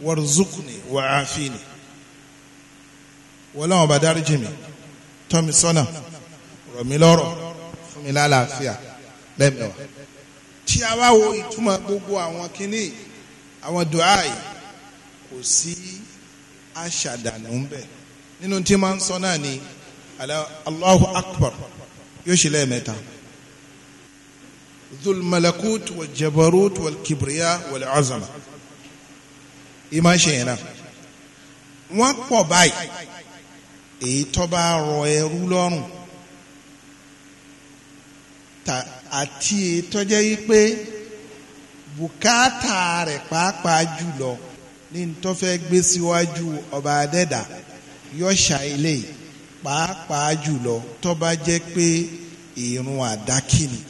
warzuqni wàáfìnì wọ́n láwọn bá dáríjì mi tọ́ mi sọ́nà rọ̀ mí lọ́rọ̀ fún mi lálàáfíà lẹ́ẹ̀mẹ́wàá tí a wá wo ìtumọ̀ gbogbo àwọn kínní àwọn dùáì kò sí aṣàdànù ń bẹ̀ nínú tí máa ń sọ náà ni Allahu akbar yóò ṣe lẹ́ẹ̀mẹ́ta dhul malakut wal jabarut wal kibriya wal azama ìmọ̀ ṣe yẹn náà wọ́n pọ̀ báyìí èyí tó rọ ẹrú lọ́rùn ta àti èyí jẹ́ yí pé bùkátà rẹ̀ pàápàá jùlọ ní ntọ́fẹ́ gbé síwájú ọba adẹ́dà yọ̀ṣà ilé pàápàá jùlọ tó bá jẹ́ pé ìrun àdákìní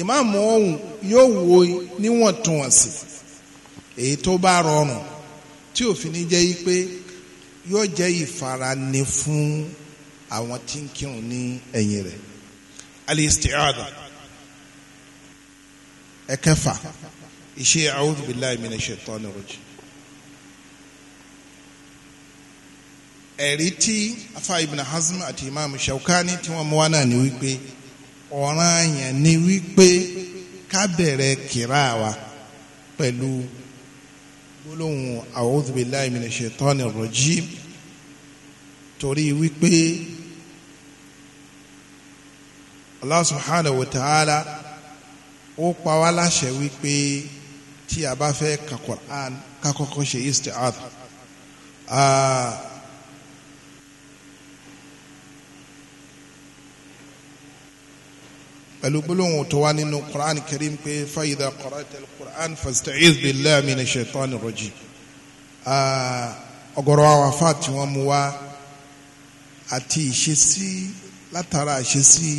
ìmáàmù ọ̀hún yóò wo níwọ̀ntúnwọ̀nsì èyí tó bá rọrùn tí òfin ní jẹ́ yí pé yóò jẹ́ ìfarani fún àwọn tí ń kírun ní ẹ̀yìn rẹ̀ alistiada ẹ̀kẹfà ìṣe a'udhu billahi minash shaitani rajim. ẹ̀rí tí afa ibn hazm àti imam shaukani tí wọ́n mú wá náà ni wípé ọ̀ràn àyàn ni wípé ká bẹ̀rẹ̀ kíra wa pẹ̀lú gbólóhùn a'udhu billahi minash shaitani rajim torí wípé Allah wa ta'ala ó pa wá láṣẹ wípé tí a bá fẹ́ ka Qur'an ká kọ́kọ́ ṣe isti'adha pẹ̀lú gbólóhùn tó wá nínú Qur'an Karim pé fa idha qara'ta al-Qur'an fasta'iz billahi mina shaytani rajim ọ̀gọ̀rọ̀ àwọn afá tí wọ́n mú wá àti ìṣesí látara ìṣesí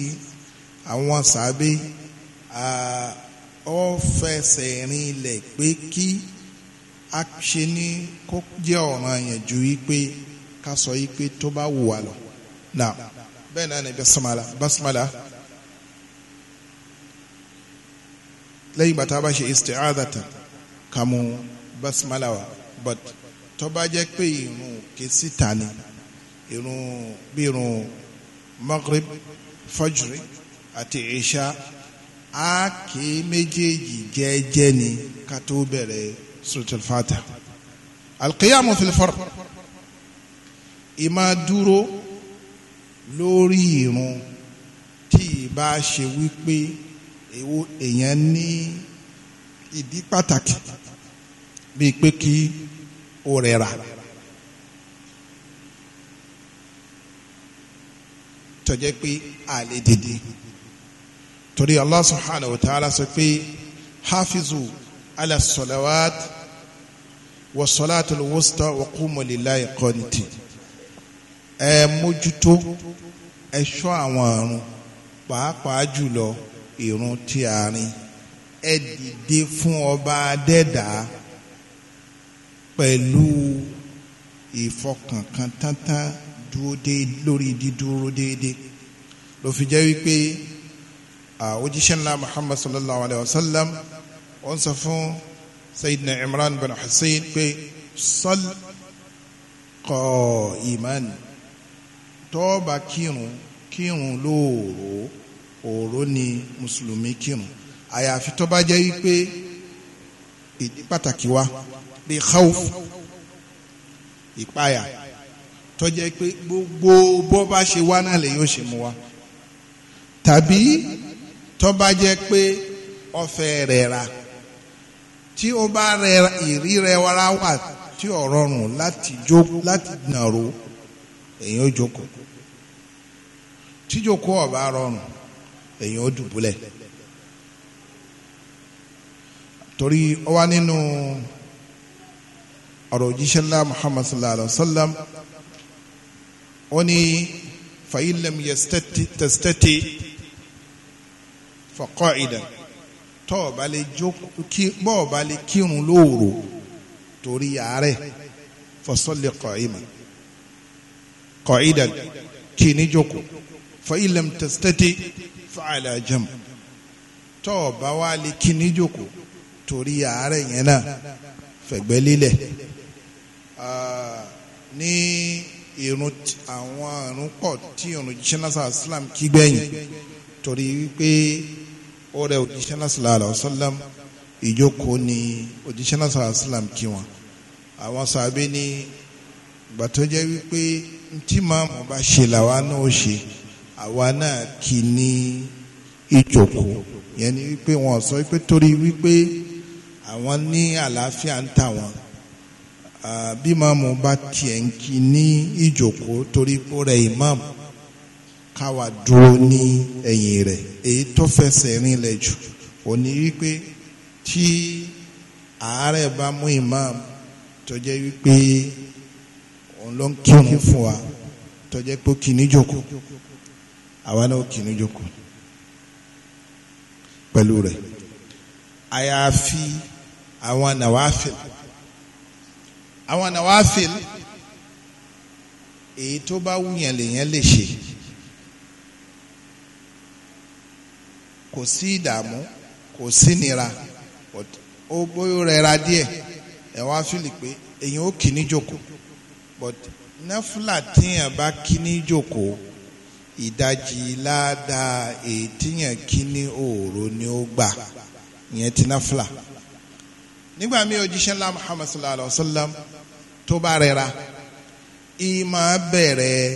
àwọn sàábé ó fẹsẹ̀ rin ilẹ̀ pé kí a ṣe ní kó jẹ́ ọ̀ràn yẹn ju wípé ká sọ wípé tó bá wù wá lọ. nà bẹ́ẹ̀ náà ni basimala basimala lẹ́yìn bàtà bá ṣe isti'adata ká mú basimala wa but tó bá jẹ́ pé irun òkè síta ni irun bí irun maghrib fajri àti isha a ké méjèèjì jẹ́ẹ́jẹ́ ni ká tó bẹ̀rẹ̀ suratul fatiha alqiyamu fil farq ìmá dúró lórí ìrun tí ìbá ṣe wípé èèyàn ní ìdí pàtàkì bíi pé kí ó rẹra. tọ́jẹ́ pé a lè dìde torí allah subhanahu wa ta'ala sọ pé hafizu ala salawat wa salatu wusta wa qumu lillahi qanitin ẹ mójútó ẹ ṣọ́ àwọn àrùn pàápàá jùlọ ìrun tí àárín ẹ dìde fún ọba adẹ́dàá pẹ̀lú ìfọkànkan dúró déédéé lórí dídúró déédéé ló fi jẹ́ wípé òjíṣẹ́ ah, ńlá muhammad sallallahu alayhi wa sallam ó ń sọ fún sayyidina imran bin hussein pé sal qa'iman tó bá kírun kírun lóòrò òòrò ni mùsùlùmí kírun àyàfi tó bá jẹ́ wípé ìdí pàtàkì wa bí khawf ìpayà tó pé gbogbo bó ṣe wá náà lè yóò ṣe mú wa tàbí tó bá jẹ́ pé ọ̀fẹ́ rẹ̀ ra tí ó bá rẹ̀ ìrírẹ̀ wara wà tí ò rọrùn láti jó láti nàró èyàn ó jókòó tíjókòó ò bá rọrùn èyàn ó dùbúlẹ̀ torí ó wá nínú ọ̀rọ̀ òjíṣẹ́ ńlá muhammad sallallahu alayhi wa sallam ó ní fa illam yastati faqa'idan tó o bá lè jókòó kí bó o bá lè kírun lóòrò torí àárẹ̀ fasalli qa'iman qa'idan kí ni jókòó fa ilam tastati fa ala jam tó o bá lè kí ni jókòó torí àárẹ̀ yẹn náà fẹ̀gbẹ́ lílẹ̀ ní irun àwọn irun pọ̀ tí irun jíṣẹ́ náà sàlám kí torí wípé ọ̀rẹ́ òjíṣẹ́ náà sallallahu alaihi wasallam ìjókòó ni òjíṣẹ́ náà sallallahu alaihi wasallam kí wọn àwọn sàbẹ ní ìgbà tó jẹ́ wípé tí màmú bá ṣe làwa náà ṣe àwa náà kì í ní ìjókòó yẹn ni wípé wọn sọ wípé torí wípé àwọn ní àlàáfíà ń tà wọn bí màmú bá tiẹ̀ ń kí ní ìjókòó torí kó rẹ̀ ìmáàmù káwa dúró ní ẹ̀yìn rẹ̀ èyí tó fẹsẹ̀ rinlẹ̀ jù òní wípé tí àárẹ̀ bá mú imam tó jẹ́ wípé òun ló ń kírun fún wa tó jẹ́ pé kìíní jòkó àwa náà kìíní jòkó pẹ̀lú rẹ̀ àyàfi àwọn nàwáfìl àwọn nàwáfìl èyí tó bá wù yẹn lè ṣe. kò sí ìdààmú kò sí nira ó bóyá rẹra ẹ wá fìlì pé èyàn ó kì ní jòkó but náfìlà tíyàn bá kì ní jòkó ìdajì ládàá èyí tíyàn kì ní ni ó gbà ìyẹn ti náfìlà nígbà míì òjíṣẹ́ ńlá sallallahu alayhi wa sallam tó bá rẹra ìmọ̀ bẹ̀rẹ̀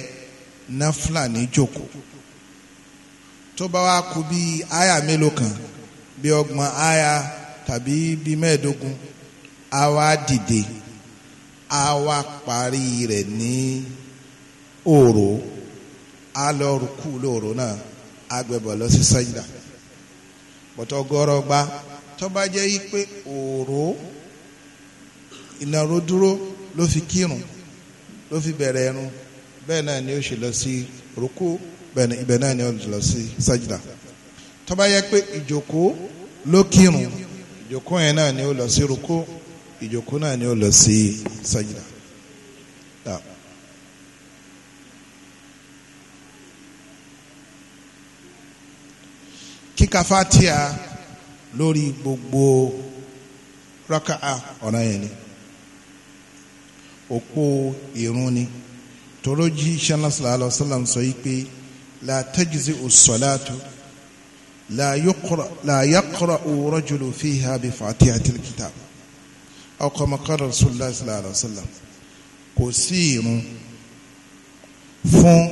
tó bá wá kù bí aya mélòó kan bí ọgbọ̀n aya tàbí bí mẹ́ẹ̀ẹ́dógún a wá dìde a wá parí rẹ̀ ní òòró a lọ rúkú lóòró náà a gbẹ̀bọ̀ lọ sí sájídà bọ̀tọ̀ gọ́rọ̀ gbá tó bá jẹ́ yí pé òòró ìnáró dúró ló fi kírun ló fi bẹ̀rẹ̀ ẹ̀rùn bẹ́ẹ̀ náà ni ó ṣe lọ sí rúkú bẹ́ẹ̀ni ibẹ̀ náà ni ó lọ sí sajida tó bá yẹ pé ìjókòó ló kírun ìjókòó yẹn náà ni ó lọ sí rúkú ìjókòó náà ni ó lọ sí sajida. kíka fatia lórí gbogbo rákàá ọ̀ràn yẹn ni òpó ìrun ni tòrójì sanna sallam sọ yìí pé. لا تجزئ الصلاة لا يقرأ لا يقرأ رجل فيها بفاتحة الكتاب أو كما قال رسول الله صلى الله عليه وسلم kò sí irun fún.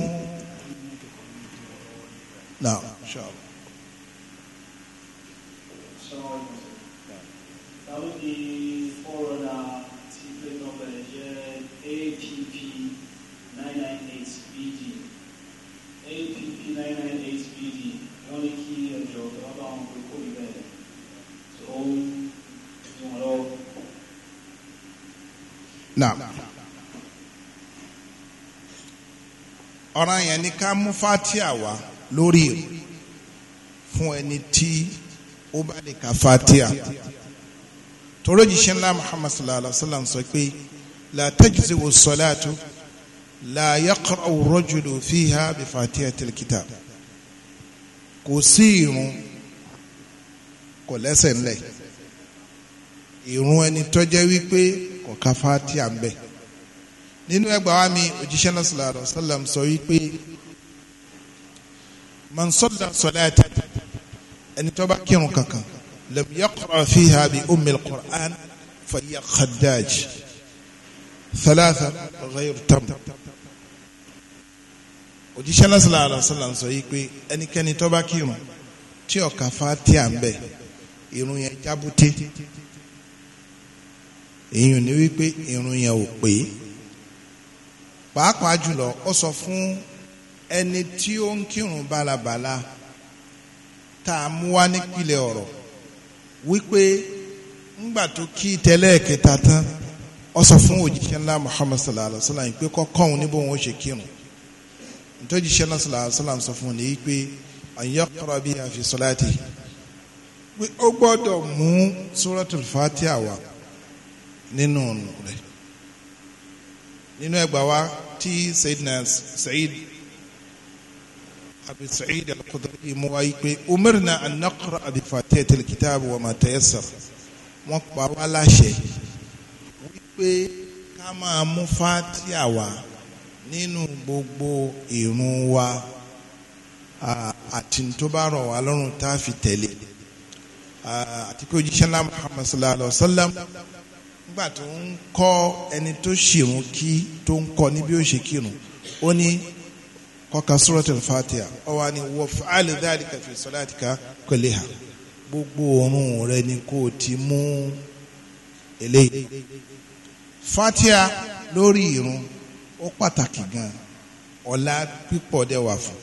Now, inshallah. náà ọ̀ràn yẹn ni ká mú fatia wá lórí rẹ̀ fún ẹni tí ó bá lè ka fatia toro jíṣẹ́ ńlá muhammad sallallahu alaihi wa sallam sọ pé la tajzi wo sọláàtú la yaqra rajulu fiha bi fatia tilkita kò sí irun kò lẹ́sẹ̀ ńlẹ̀ irun ẹni tó wípé ọ̀ka fatia ń bẹ nínú ẹgbàá wa mi òjíṣẹ́ náà sallallahu alaihi wasallam sọ wípé man salla salatan ẹni tó bá kírun kankan lam yaqra fiha bi ummil qur'an fahiya khaddaj thalatha ghayr tam òjíṣẹ́ náà sallallahu alaihi wasallam sọ wípé ẹnikẹ́ni tó bá kírun tí ọ̀ka fatia ń bẹ irun yẹn jábúté. èyàn ní wípé irun yẹn ò pé pàápàá jùlọ ó sọ fún ẹni tí ó ń kírun bálabàla tá a mú wá nípìnlẹ̀ ọ̀rọ̀ wípé ńgbà tó kí tẹ́lẹ̀kẹta tán ó sọ fún òjíṣẹ́ ńlá Muhammad sallallahu alayhi wa sallam pé kọ́kọ́ òun níbo òun ó ṣe kírun ntọ́jíṣẹ́ ńlá sallallahu alayhi wa sallam sọ fún un ní ayọ́kọ̀rọ̀ àfi nínú rẹ̀ nínú ẹgbà wa tí sayidina sayid abi sayid al-Khudri mu wáyé pé umirna an naqra abi fatihatil kitab wa ma tayassar wọ́n pa wá láṣẹ wípé ká máa mú fatiha wá nínú gbogbo ìrun wa àti tó bá rọ̀ tá a fi tẹ̀lé àti pé òjíṣẹ́ ńlá Muhammad sallallahu alaihi wa sallam nígbà tó ń kọ́ ẹni tó ṣìrun kí tó ń kọ́ ní bí ó ṣe kírun ó ní kọ́ka suratul fatiha ó wá ní waf'al dhalika fi salatika kulliha gbogbo òórùn rẹ ni kò ti mú eléyìí fatiha lórí irun ó pàtàkì gan ọlá pípọ̀ dẹ̀ wà fún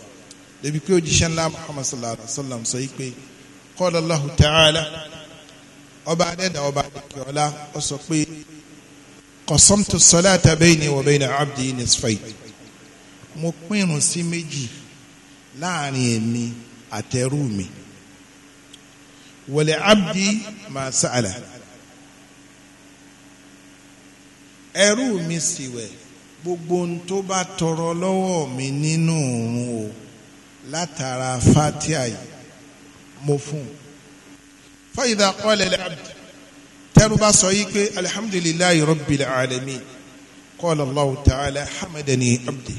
débi pé òjíṣẹ́ ńlá muhammad sallallahu alaihi wa sallam sọ yìí pé qala Allahu ta'ala ọba adẹ́dà ọba adékèọ́lá ó sọ pé qasamtu salata bayni wa bayna abdi nisfay mo pínrun sí méjì láàrin èmi àtẹrú mi wọlé abdi ma sa'ala ẹrú mi sì wẹ̀ gbogbo ohun tó bá tọrọ lọ́wọ́ mi nínú òun o látara fatia yìí mo fún un fàyídà qala al-abd tẹ́rù bá sọ yìí pé alhamdulillahi rabbil alamin qala Allahu ta'ala hamadani abdi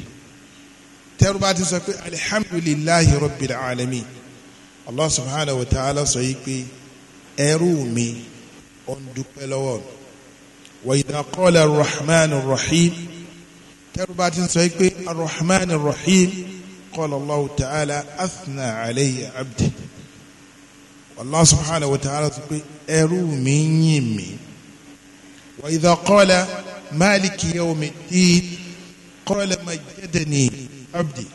tẹ́rù bá ti sọ pé alhamdulillahi rabbil alamin Allah subhanahu wa ta'ala sọ yìí pé ẹrú mi ó ń dúpẹ́ lọ́wọ́ mi rahim tẹ́rù ti sọ yìí pé ar rahim qala ta'ala athna alayya abdi. Allah subhanahu wa ta'ala sọ pé ẹrú mi ń yìn mí wa idha qala maliki yawmiddin qala majjadani abdi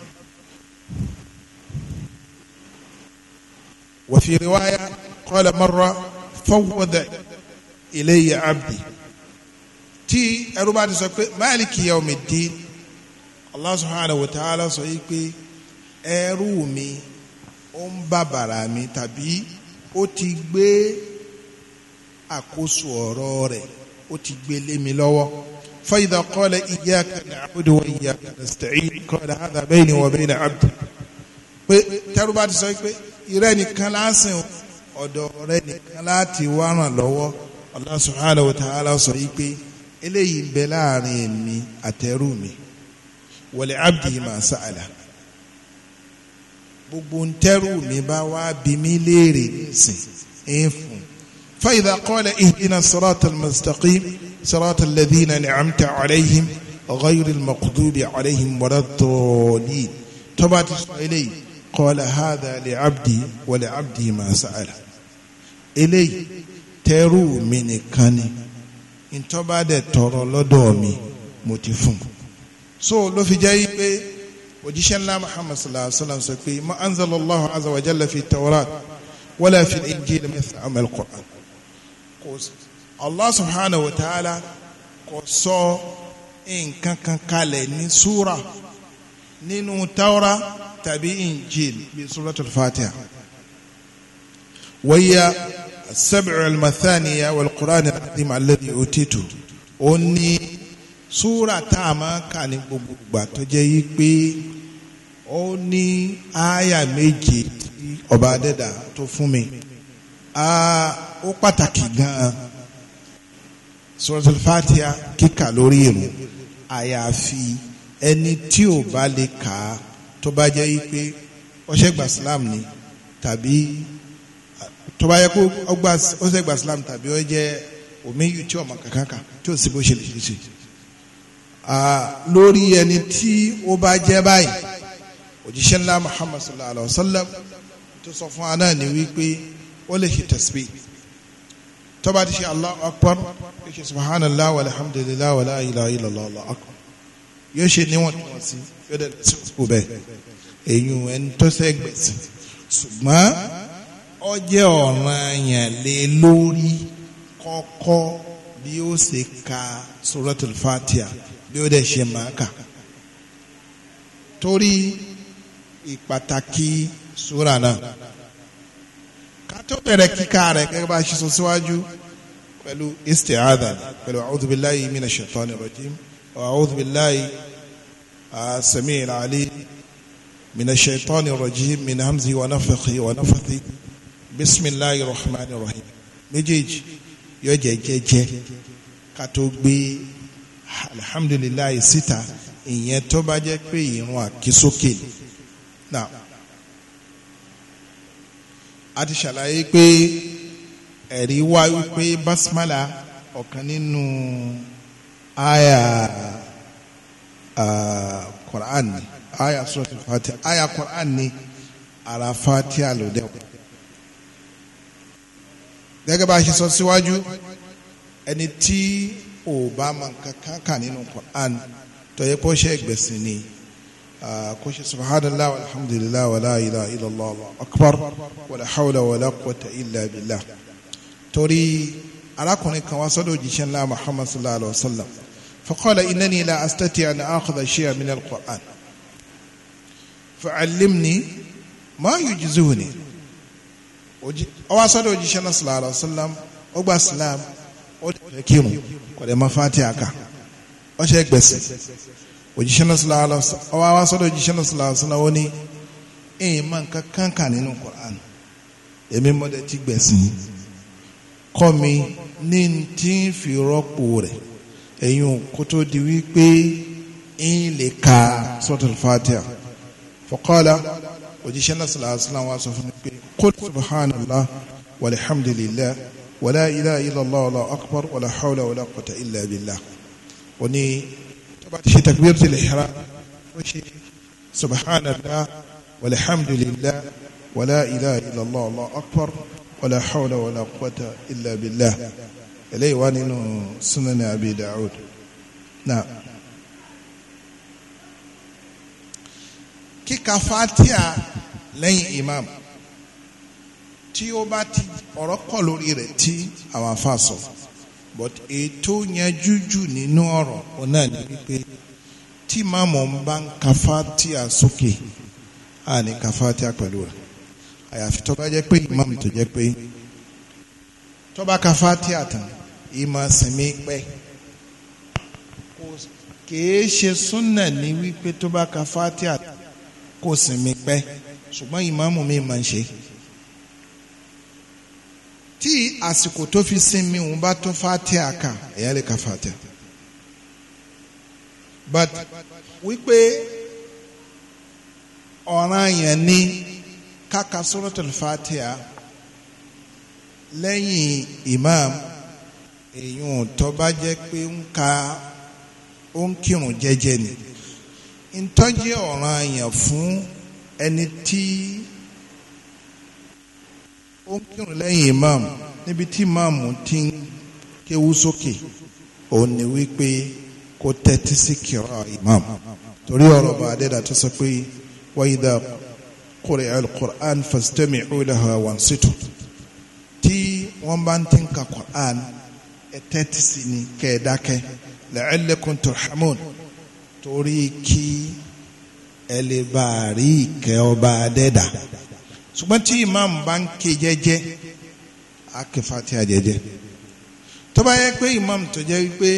wa fi riwaya qala marra fawwada ilayya abdi tí ẹrú bá ti sọ pé maliki yawmiddin Allah subhanahu wa ta'ala sọ yìí pé ẹrú mi ó ń bá bàrà mi tàbí ó ti gbé àkóso ọ̀rọ̀ rẹ̀ ó ti gbé lé mi lọ́wọ́. فإذا قال إياك نعبد وإياك نستعين قال هذا بيني وبين عبدي pé tẹ́rú bá ti sọ pé ìrẹ́ nìkan láàsìn ọ̀dọ̀ ọ̀rẹ́ nìkan láti wá ràn lọ́wọ́ Allah subhanahu wa sọ yìí pé eléyìí ń bẹ láàrin èmi àtẹrú mi wa li abdihi ma sa'ala gbogbo ń tẹ́rù mi bá wá bí mi léèrè nísìn ẹ̀yìn fún. فإذا قال اهدنا الصراط المستقيم صراط الذين أنعمت عليهم غير المغضوب عليهم ولا الضالين تبعت إلي قال هذا لعبدي ولعبدي ما سأل إلي ترو من كان إن تبعت ترى لدومي متفهم so لو في جاي òjíṣẹ́ ńlá muhammad sallallahu alayhi wa sallam sọ pé ma anzalallahu azza wa jalla fi tawrat wala fi injil mithla amal qur'an kò allah subhanahu wa ta'ala kò sọ nǹkan kan kalẹ̀ ní súra nínú tawra tàbí injil bí suratul fatiha wáyà sab'ul mathaniya wal qur'an al-azim alladhi utitu ó ní súrà tá a máa kà ní gbogbo ìgbà tó jẹ́ yí pé ó ní àyà méje tí ọba adẹ́dà tó fún mi ó pàtàkì gan-an suratul fatiha kíkà lórí ìrun àyàfi ẹni tí ò bá lè kà á tó bá jẹ́ yí pé ọṣẹ́ gbà sílámù ni tàbí tó bá yẹ kó ọṣẹ́ gbà sílámù tàbí ó jẹ́ omi yìí tí ọmọ kankan kà tí ò sí bó ṣe lè ṣe lórí ẹni tí ó bá jẹ́ báyìí òjíṣẹ́ ńlá muhammad sallallahu alayhi wa sallam tó sọ fún aná ni wípé ó lè ṣe tasbih tó bá ti ṣe allahu akbar yóò ṣe subhanallah walhamdulillah wala ilaha illallah allahu akbar yóò ṣe níwọ̀n tí wọ́n sí yóò dẹ̀ sí òkú bẹ́ẹ̀ èyí ẹni tó sẹ́gbẹ̀ẹ́ sí ṣùgbọ́n ó jẹ́ ọ̀ranyàn lé lórí kọ́kọ́ bí ó ṣe ka suratul fatiha bí ó dẹ̀ ṣe máa kà torí ìpàtàkì súra náà ká tó bẹ̀rẹ̀ kíkà rẹ̀ gẹ́gẹ́ bá a ṣe sọ síwájú pẹ̀lú isti'adha pẹ̀lú a'udhu billahi minash shaitani rajim wa a'udhu billahi as-sami'il alim minash shaitani rajim min hamzi wa nafathi wa nafathi bisimilahi rahman rahim méjèèjì yóò jẹjẹ ká gbé alhamdulilayi síta ìyẹn tó bá jẹ́ pé ìrun àkísókè náà a ti ṣàlàyé pé ẹ̀rí wá wípé basmala ọ̀kan nínú àyà Quran ni àyà suratul Fatiha àyà Quran ni ara Fatiha ló dẹ́ kù. gẹ́gẹ́ bá a ṣe sọ síwájú ẹni tí ò bá ma kankan kà nínú Quran tó yẹ kó ṣe gbẹ̀sìn ni kó ṣe subhanallah alhamdulillah wàlá ilà ilàllah akbar wàlá hawla wàlá quwwata illa billah torí arákùnrin kan wá sọ́dọ̀ òjíṣẹ́ ńlá muhammad sallallahu alayhi wa sallam faqala innani la astati an akhudha shay'an min al-Quran fa'allimni ma yujizuni ó wá sọ́dọ̀ òjíṣẹ́ ńlá sallallahu alayhi wa sallam ó gba ọ̀dẹ̀ kírun kọ̀dẹ̀ máa fàtí àkà ọ̀ṣẹ́ gbèsè òjíṣẹ́ náà sọlá alọ́sọ ọwọ́ àwọn sọ́dọ̀ òjíṣẹ́ náà sọlá alọ́sọ náà wọ́n ní ẹ̀yìn máa ń ka kánkà nínú Qur'an èmi mọ́dẹ̀ ti gbèsè kọ́ mi ní ti ń fi rọ́pò rẹ̀ ẹ̀yìn kó tó di wípé ẹ̀yìn lè ka sọ́tọ̀ fàtíà fọ́kọ́lá òjíṣẹ́ náà sọlá alọ́sọ náà wọ́n sọ fún mi pé kó subhanallah walhamdulillah wala ilaha illallah wala akbar wala hawla wala quwwata illa billah oni tọba ti ṣe takbiratul ihram ó ṣe subhanallah walhamdulillah wala ilaha illallah wala akbar wala hawla wala quwwata illa billah eléyìí wà nínú sunan abi da'ud na kíka fatiha lẹ́yìn imam tí ó bá ti ọ̀rọ̀ kọ̀ lórí rẹ̀ tí àwọn afa sọ but ètò yẹn jújù nínú ọ̀rọ̀ ọ̀nà ni wípé tí màmú bá ń ka fatia sókè á ní ka fatia pẹ̀lú rẹ̀ àyàfi tó bá jẹ́ pé ìmáàmù tó jẹ́ pé tó bá ka fatia tán ìmọ̀ sinmi pẹ́ kìí ṣe súnà ní wípé tó bá ka fatia kò sinmi pẹ́ ṣùgbọ́n ìmáàmù mi máa ń ṣe tí àsìkò tó fi sinmi òun bá tó fatia kà ẹ̀yà lè ka fatia but wípé ọ̀ràn yẹn ní káka suratul fatia lẹ́yìn imam èèyàn tó bá jẹ́ pé ń ka ó ń kírun jẹ́jẹ́ ni ntọ́jú ọ̀ràn yẹn fún ẹni tí ó ń kírun lẹ́yìn imam níbi tí imam ti ń kéwú sókè òun ni wípé kó tẹ́tí sí kíra imam torí ọ̀rọ̀ bá adéda tó sọ pé wa idha quri'a al-Qur'an fastami'u lahu wansitu tí wọ́n bá ń ti ń ka Qur'an ẹ tẹ́tí sí ni kẹ́ ẹ dákẹ́ la'allakum turhamun torí kí ẹ lè bá rí ìkẹ́ ọba adéda ṣùgbọ́n tí imam bá ń ké jẹ́jẹ́ á ké fatiha jẹ́jẹ́ tó bá yẹ pé imam tó jẹ́ wípé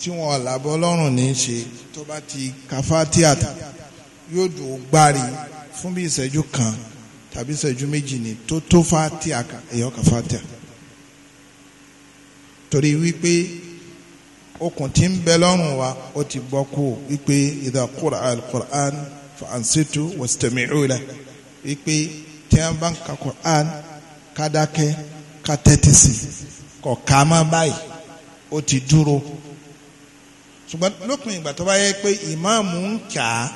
tí wọn làbọ̀ lọ́rùn ní í ṣe tó bá ti ka fatiha yóò dùn gbárí fún bí ìṣẹ́jú kan tàbí ìṣẹ́jú méjì ni tó tó fatiha èèyàn ka fatiha torí wípé okùn tí ń bẹ lọ́rùn wa ó ti bọ́ kú wípé idha qura al-Qur'an fa ansitu wastami'u lahu wípé tí wọ́n bá ń ka Quran kádákẹ́ ká tẹ́tí sí kọ̀ ká má báyìí ó ti dúró ṣùgbọ́n lópin ìgbà tó bá yẹ pé ìmáàmù ń kà á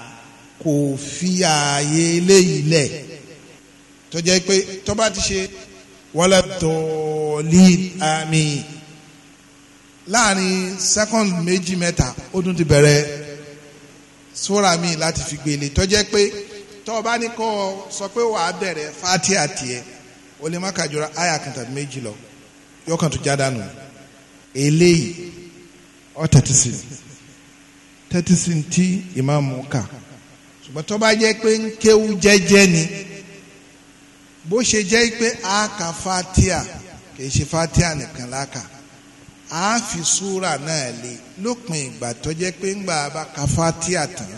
kò fi ààyè eléyìí lẹ̀ tó jẹ́ pé tó bá ti ṣe wala dọ̀ọ̀lì àmì láàrin second méjì mẹ́ta ó tún ti bẹ̀rẹ̀ sóra mi láti fi gbélé e tó jẹ́ pé tọ́ ọ bá ní kọ́ sọ pé wàá bẹ̀rẹ̀ fatia tiẹ̀ o lè má kàjọra aya kan tàbí méjì lọ yóò kàn tó já dànù eléyìí ọ tẹ̀tí sí tẹ̀tí sí ti ìmáàmù kà ṣùgbọ́n tọ́ bá jẹ́ pé ń kéwú jẹ́jẹ́ ni bó ṣe jẹ́ pé a kà fatia kì í ṣe fatia nìkan láka a fi súra náà lé lópin ìgbà tó jẹ́ pé ń gbà bá ka fatia tán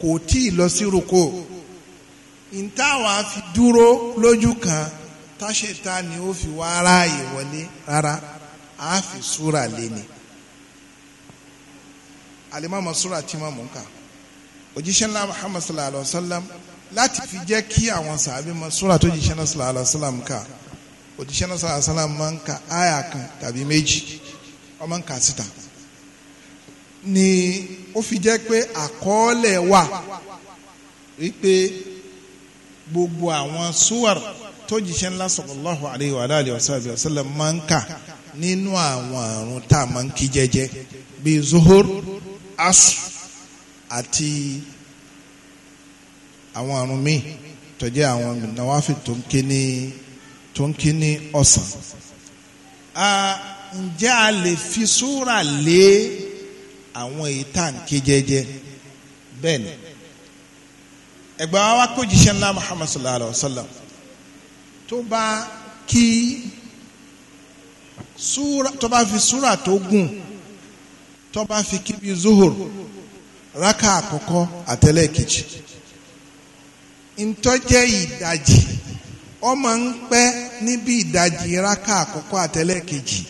kò tí ì lọ sí ruko ìntàwà fi dúró lójú kan táṣetá ni ó fi wá ráàyè wọlé rárá a fi súra lé alimami súra tí ma mú ká òjíṣẹ́ ńlá muhammad sallallahu alayhi wa sallam láti fi jẹ́ kí àwọn sàbí ma súra tó jíṣẹ́ ńlá sallallahu alayhi wa sallam ká òjíṣẹ́ ńlá sallallahu alayhi wa sallam máa ń ka áyà kan tàbí méjì ó ń ka síta ni ó fi jẹ́ pé àkọọ́lẹ̀ wà wípé gbogbo àwọn suwar tó jíṣẹ́ ńlá sallallahu alayhi wa alihi wa sallam máa ń kà nínú àwọn àrùn tá a máa ń kí jẹ́jẹ́ bíi zuhur asu àti àwọn àrùn míì tó àwọn nàwáfì tó ń kí ní tó ń kí ní ọ̀sán. ǹjẹ́ a lè fi súra lé àwọn èyí tàn kí jẹ́jẹ́ bẹ́ẹ̀ ni ẹgbà wa kó jíṣẹ́ ńlá muhammad sallallahu Alaihi wa sallam tó bá kí súra tó bá fi súra tó gùn tó bá fi kí bí zuhur raka àkọ́kọ́ àtẹlẹ́kejì ntọ́jẹ́ ìdajì ó máa ń pẹ́ níbi ìdajì raka àkọ́kọ́ àtẹlẹ́kejì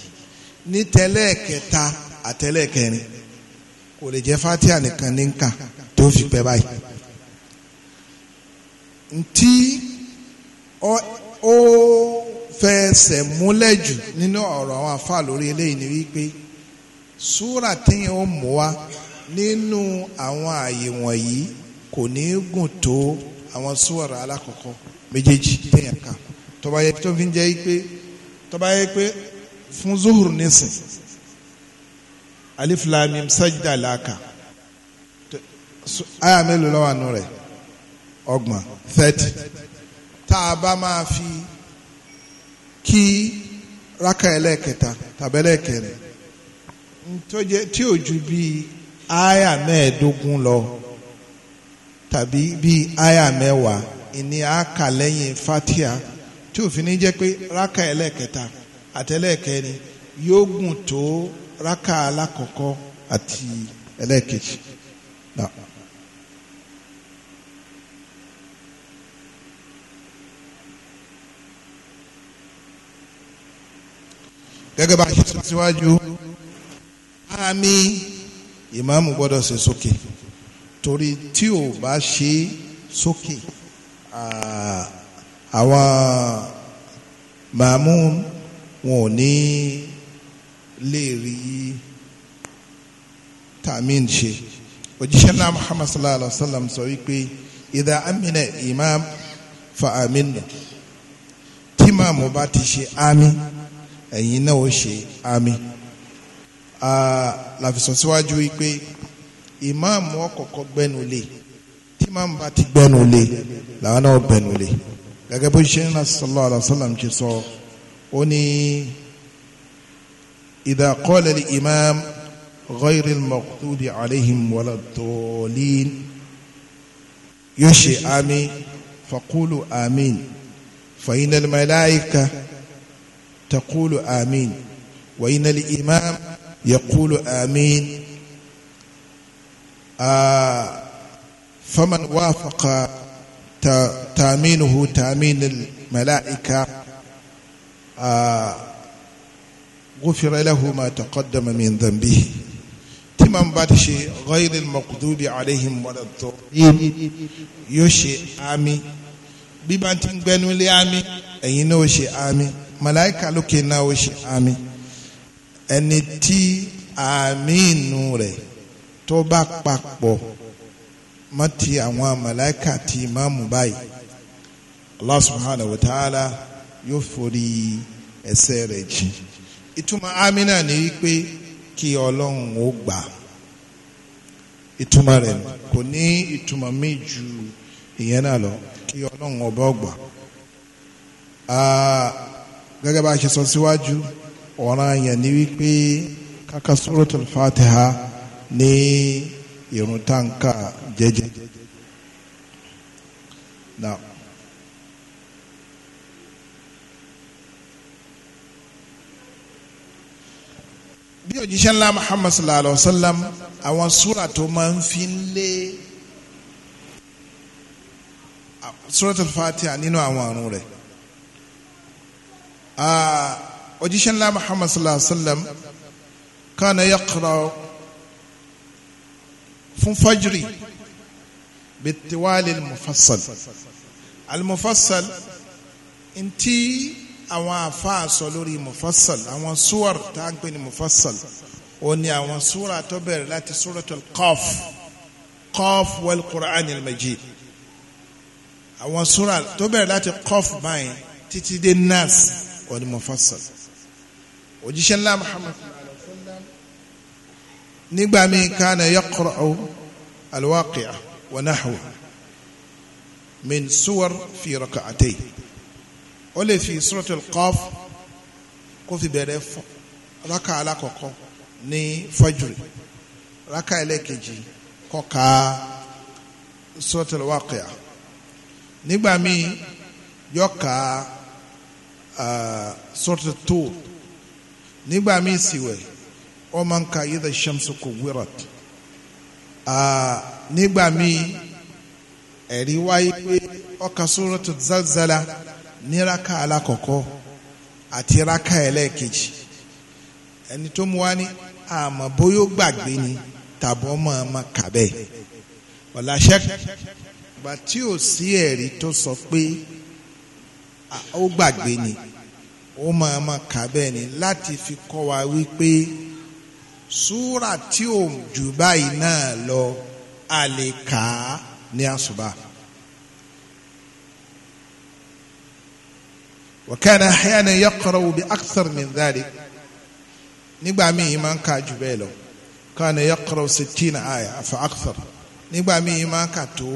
ní tẹlẹ́kẹta àtẹlẹ́kẹrin. kò lè jẹ́ fatia nìkan ní nkà tó fi pẹ́ báyìí ntí ó fẹsẹ̀ múlẹ̀ jù nínú ọ̀rọ̀ àwọn afá lórí eléyìí ni wípé súrà téèyàn ó mú wa nínú àwọn àyè wọ̀nyí kò ní gùn tó àwọn súrà alákọ̀ọ́kọ́ méjèèjì téèyàn kà tó bá yẹ tó fi ń jẹ́ pé tó yẹ pé fún zuhur nísìn alif lam mim sajda laka aya mélòó lọ́wọ́ àánú rẹ̀ ọgbọ̀n thirty tá a bá máa fi kí raka ẹlẹ́ẹ̀kẹta tàbí ẹlẹ́ẹ̀kẹrin ntọ́jẹ́ tí ò ju bíi aya mẹ́ẹ̀ẹ́dógún lọ tàbí bíi aya mẹ́wàá ìní àkà lẹ́yìn fatia tí òfin ní jẹ́ pé raka ẹlẹ́ẹ̀kẹta àtẹlẹ́ẹ̀kẹrin yóò gùn tó rákà alákọ̀ọ́kọ́ ati ẹlẹ́ẹ̀kejì. gẹ́gẹ́ bá a ṣe sọ síwájú àmì ìmáàmù gbọ́dọ̀ ṣe sókè torí tí ò bá ṣe sókè àwọn màmú wọn ò ní lè rí tamin ṣe òjíṣẹ́ náà muhammad sallallahu alaihi wa sallam sọ wípé ìdá amina imam fa aminu tí màmú bá ti ṣe àmín ẹ̀yin náà ó ṣe àmín làfisọ síwájú wípé ìmáàmù ọkọ̀ọ̀kọ̀ gbẹnu lé tí màmú bá ti gbẹnu lé làwọn náà gbẹnu lé gẹ́gẹ́ bó ṣe ń rà sallallahu alaihi wa sallam ṣe sọ ó ní. إذا قال الإمام غير المقتول عليهم ولا الضالين يشي آمين فقولوا آمين فإن الملائكة تقول آمين وإن الإمام يقول آمين آه فمن وافق تامينه تامين الملائكة آه غفر له ما تقدم من ذنبه تمام باتشي غير المقدوب عليهم ولا الضالين يوشي آمي bíbá ti ń gbẹnu lé àmì ẹ̀yin náà ó ṣe àmì màláìka lókè náà ó ṣe àmì ẹni tí àmì inú rẹ̀ tó bá papọ̀ mọ́ ti àwọn màláìka ti ìmáàmù báyìí Allah subhanahu wa ta'ala yóò forí ẹ̀ṣẹ̀ rẹ̀ jìn ìtumọ̀ amínà ni wípé kí ọlọ́run ó gbà ìtumọ̀ rẹ̀ kò ní ìtumọ̀ míì ju ìyẹn náà lọ kí ọlọ́run ọba ọgbà gẹ́gẹ́ bá a ṣe sọ síwájú ọ̀ràn yẹn ni wípé kàkà suratul fatiha ní ìrùntàǹkà jẹ́jẹ́. Now. bí òjíṣẹ́ ńlá muhammad sallallahu alayhi wa sallam àwọn súra tó máa ń fi ń lé suratul fatiha nínú àwọn àrùn rẹ̀ òjíṣẹ́ ńlá muhammad sallallahu alayhi wa sallam kana yaqra fún fajiri bitiwali mufassal almufassal nti àwọn àfáà sọ lórí mufassal àwọn suwar tá à ń pè ní mufassal ó ní àwọn súra tó bẹ̀rẹ̀ láti suratul qaf qaf wal qur'an al-majid àwọn súra tó bẹ̀rẹ̀ láti qaf báyìí títí dé nas ó ní mufassal òjíṣẹ́ ńlá muhammad nígbà míì kánà yaqra'u al-waqi'a wa nahwa min suwar fi raka'atayn ó lè fi suratul Qaf kó fi bẹ̀rẹ̀ rákà alákọ̀ọ́kọ́ ní fajiri rákà ẹlẹ́kejì kó ka suratul Waqi'a nígbà míì yó ka suratul Tur nígbà míì sì wẹ̀ ó máa ń ka idha shamsu kuwwirat nígbà míì ẹ̀rí wáyé pé ó ka níraka alákọ̀ọ́kọ́ àti raka ẹlẹ́ẹ̀kejì ẹni tó mú wá ní àmọ́ bóyá ó gbàgbé ni tàbí ọmọ ọmọ kàbẹ́ ọ̀làṣẹ́ gbà tí ò sí ẹ̀rí tó sọ pé ó gbàgbé ni ó máa ma kà ni láti fi kọ́ wa wípé súrà tí ò jù báyìí náà lọ a lè ní àsùbà. وكان أحيانا يقرأ بأكثر من ذلك nígbà míì máa ń ka jù bẹ́ẹ̀ lọ kana yaqra'u sittina àyà fa'akthar nígbà míì máa ń kà tó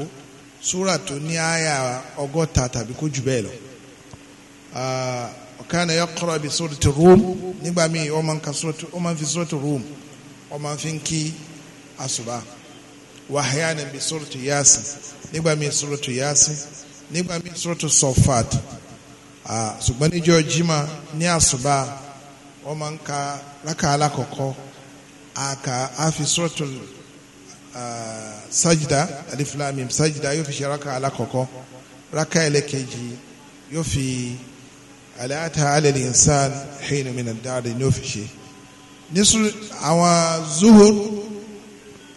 súrà tó ní àyà ọgọ́ta tàbí kó jù bẹ́ẹ̀ lọ kana yaqra'u bi surati Rum nígbà míì ó máa ń ka surati ó máa ń fi surati Rum ó máa ń fi kí àsùbá wa ahyanan bi surati Yasin nígbà míì surati Yasin nígbà míì surati Saffat ṣùgbọ́n níjọ́ jimá ní àṣùbà wọ́n máa ń ka rákà alákọ̀ọ́kọ́ àkà àfi suratul sajida alif lam mim sajida yóò fi ṣe rákà alákọ̀ọ́kọ́ rákà ẹlẹ́kẹ̀jì yóò fi aláta alẹ́lẹ́ insan hẹ́yìn mi náà dáadé ni yóò fi àwọn zuhur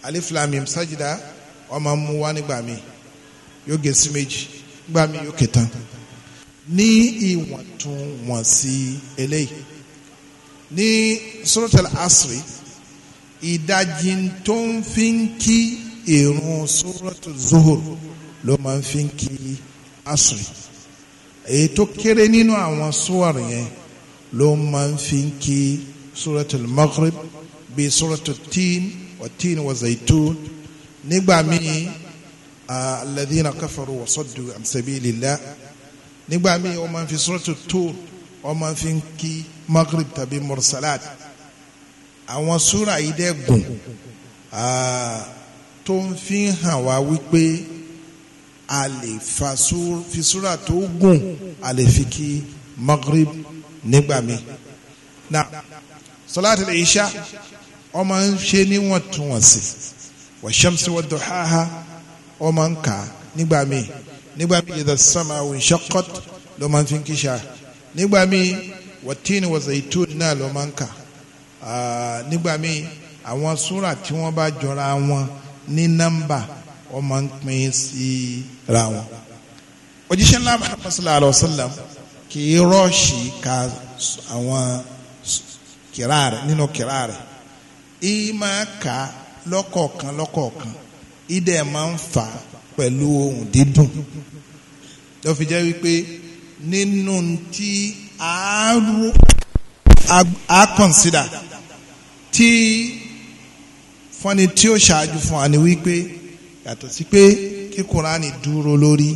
alif lam mim sajida wọ́n máa ń mú wá nígbà míì yóò gé sí méjì nígbà míì yóò kẹta ní ìwọ̀ntúnwọ̀nsí eléyìí ní suratul asri ìdajì tó ń fi ń kí ìrun suratul zuhur ló máa ń fi ń kí asri èyí tó kéré nínú àwọn súwárì yẹn ló máa ń fi ń kí suratul maghrib bíi suratul tin wa tin wa zaitun nígbà míì alladhina kafaru wa saddu an sabilillah nígbà míì wọ́n máa ń fi sọ́ọ̀tù Tur wọ́n máa ń fi kí Maghrib tàbí mursalat àwọn súrà yìí dẹ́ gùn tó ń fi hàn wá wípé a lè fi súrà tó gùn a lè fi kí Maghrib nígbà míì na sọláàtì lè ṣá wọ́n máa ń ṣe níwọ̀ntúnwọ̀nsì wa shamsi wa duhaha wọ́n máa ń kà nígbà míì nígbà míì idha as-sama'u inshaqqat ló máa fi ń kíṣà nígbà míì wat-tini wa zaytun náà ló máa ń kà nígbà míì àwọn súrà tí wọ́n bá jọra wọn ní nọ́mbà wọ́n máa ń pín sí ra wọn. òjíṣẹ́ ńlá Muhammad sallallahu alayhi wa sallam kì í rọ́ọ̀ṣì ka àwọn kìrá rẹ̀ nínú kìrá rẹ̀ ìyí lọ́kọ̀ọ̀kan lọ́kọ̀ọ̀kan ìdẹ̀ máa ń fà á pẹ̀lú ohun dídùn tó fi jẹ́ wípé nínú tí a consider tí fọ́ni tí ó ṣáájú fún wa ni wípé yàtọ̀ sí pé kí Kùránì dúró lórí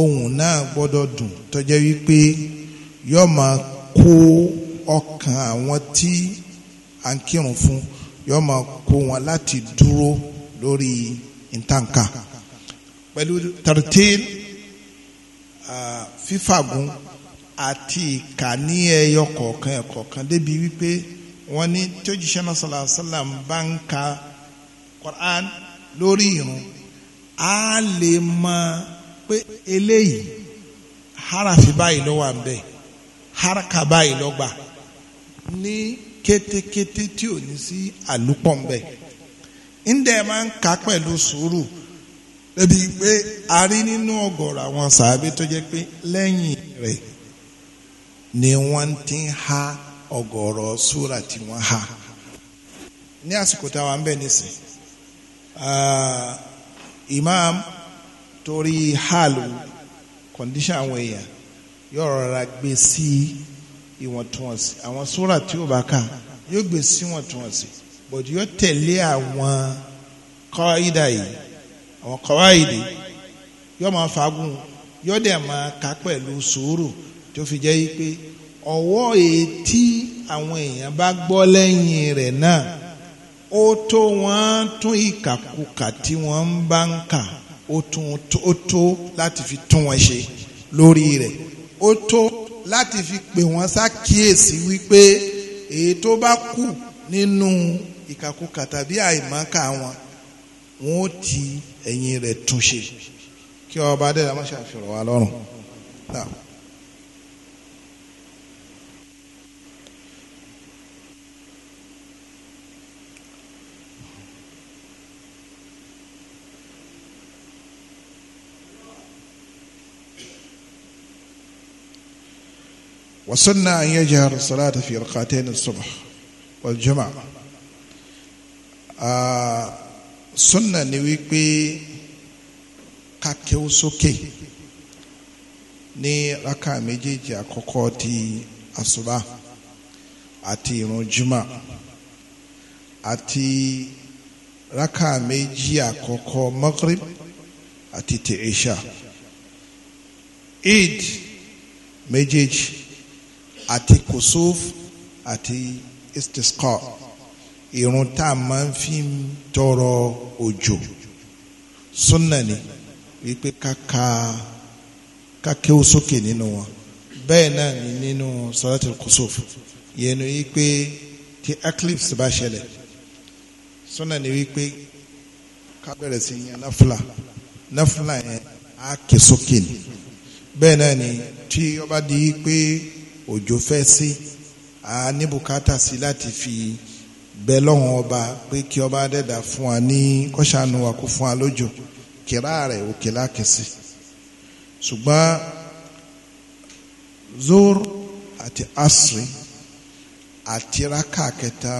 ohun náà gbọ́dọ̀ dùn tó jẹ́ wípé yóò máa kó ọkàn àwọn tí à ń kírun fún yóò máa kó wọn láti dúró lórí ìtànkà pẹ̀lú tartil fífàgùn àti ìkànnì ẹyọ kọ̀ọ̀kan ẹ̀kọ̀ọ̀kan débi wípé wọ́n ní tí ó jíṣẹ́ náà sọ̀rọ̀ sálàm bá ń ka Quran lórí irun a lè mọ pé eléyìí harafi báyìí ló wà nbẹ haraka báyìí ló gbà ní kétékété tí ò ní sí àlùpọ̀ nbẹ ń dẹ̀ máa ń ka pẹ̀lú sùúrù débi pé a rí nínú ọ̀gọ̀rọ̀ àwọn sàábé tó jẹ́ pé lẹ́yìn rẹ̀ ni wọ́n ti ń ha ọ̀gọ̀rọ̀ súra tí wọ́n ha ní àsìkò táwa ń nísìn imam torí hàlù condition àwọn èèyàn yóò rọra gbé sí ìwọ̀ntúnwọ̀nsì àwọn súra tí ó bá kà yóò gbé sí ìwọ̀ntúnwọ̀nsì but yóò tẹ̀lé àwọn kọ́ ìdá yìí àwọn kọ́wáìdì yóò máa fagún yóò dẹ̀ máa ka pẹ̀lú sùúrù tó fi jẹ́ pé ọwọ́ etí àwọn èèyàn bá gbọ́ lẹ́yìn rẹ̀ náà ó tó wọ́n tún ìkàkùkà tí wọ́n ń bá ń kà ó tó láti fi tún wọn ṣe lórí rẹ̀ ó tó láti fi pè wọ́n ṣàkíyèsí wípé èyí tó bá kù nínú ìkàkùkà tàbí àìmọ́kà wọn wọn ó ti. ẹ̀yìn rẹ̀ ṣe kí ọba adé la má ṣàfihàn wa lọ́rùn. وسن أن يجهر الصلاة في ركعتين الصبح والجماعة آه sunna ni wípé kakéwó sókè ní raka méjèèjì àkọ́kọ́ ti àsùbá àti ìrun juma àti raka méjì àkọ́kọ́ maghrib àti ti eid méjèèjì àti kusuf àti istisqa irun tá a máa ń fi tọrọ òjò súnà ni wípé kàkà kàkà ó sókè nínú wọn bẹ́ẹ̀ náà ni nínú salatul kusuf yẹnu wípé tí eclipse bá ṣẹlẹ̀ súnà ni wípé ká bẹ̀rẹ̀ sí yan náfìlà náfìlà yẹn á ké sókè ni bẹ́ẹ̀ náà ni tí ó bá di pé òjò fẹ́ sí a ní sí láti fi bẹ lọ́wọ́n ọba pé kí ọba dẹ́dà fún wa ní kọ́ṣánu wa kó fún wa lójò kíra rẹ̀ òkè lákèsí ṣùgbọ́n zor àti asri àti raka kẹta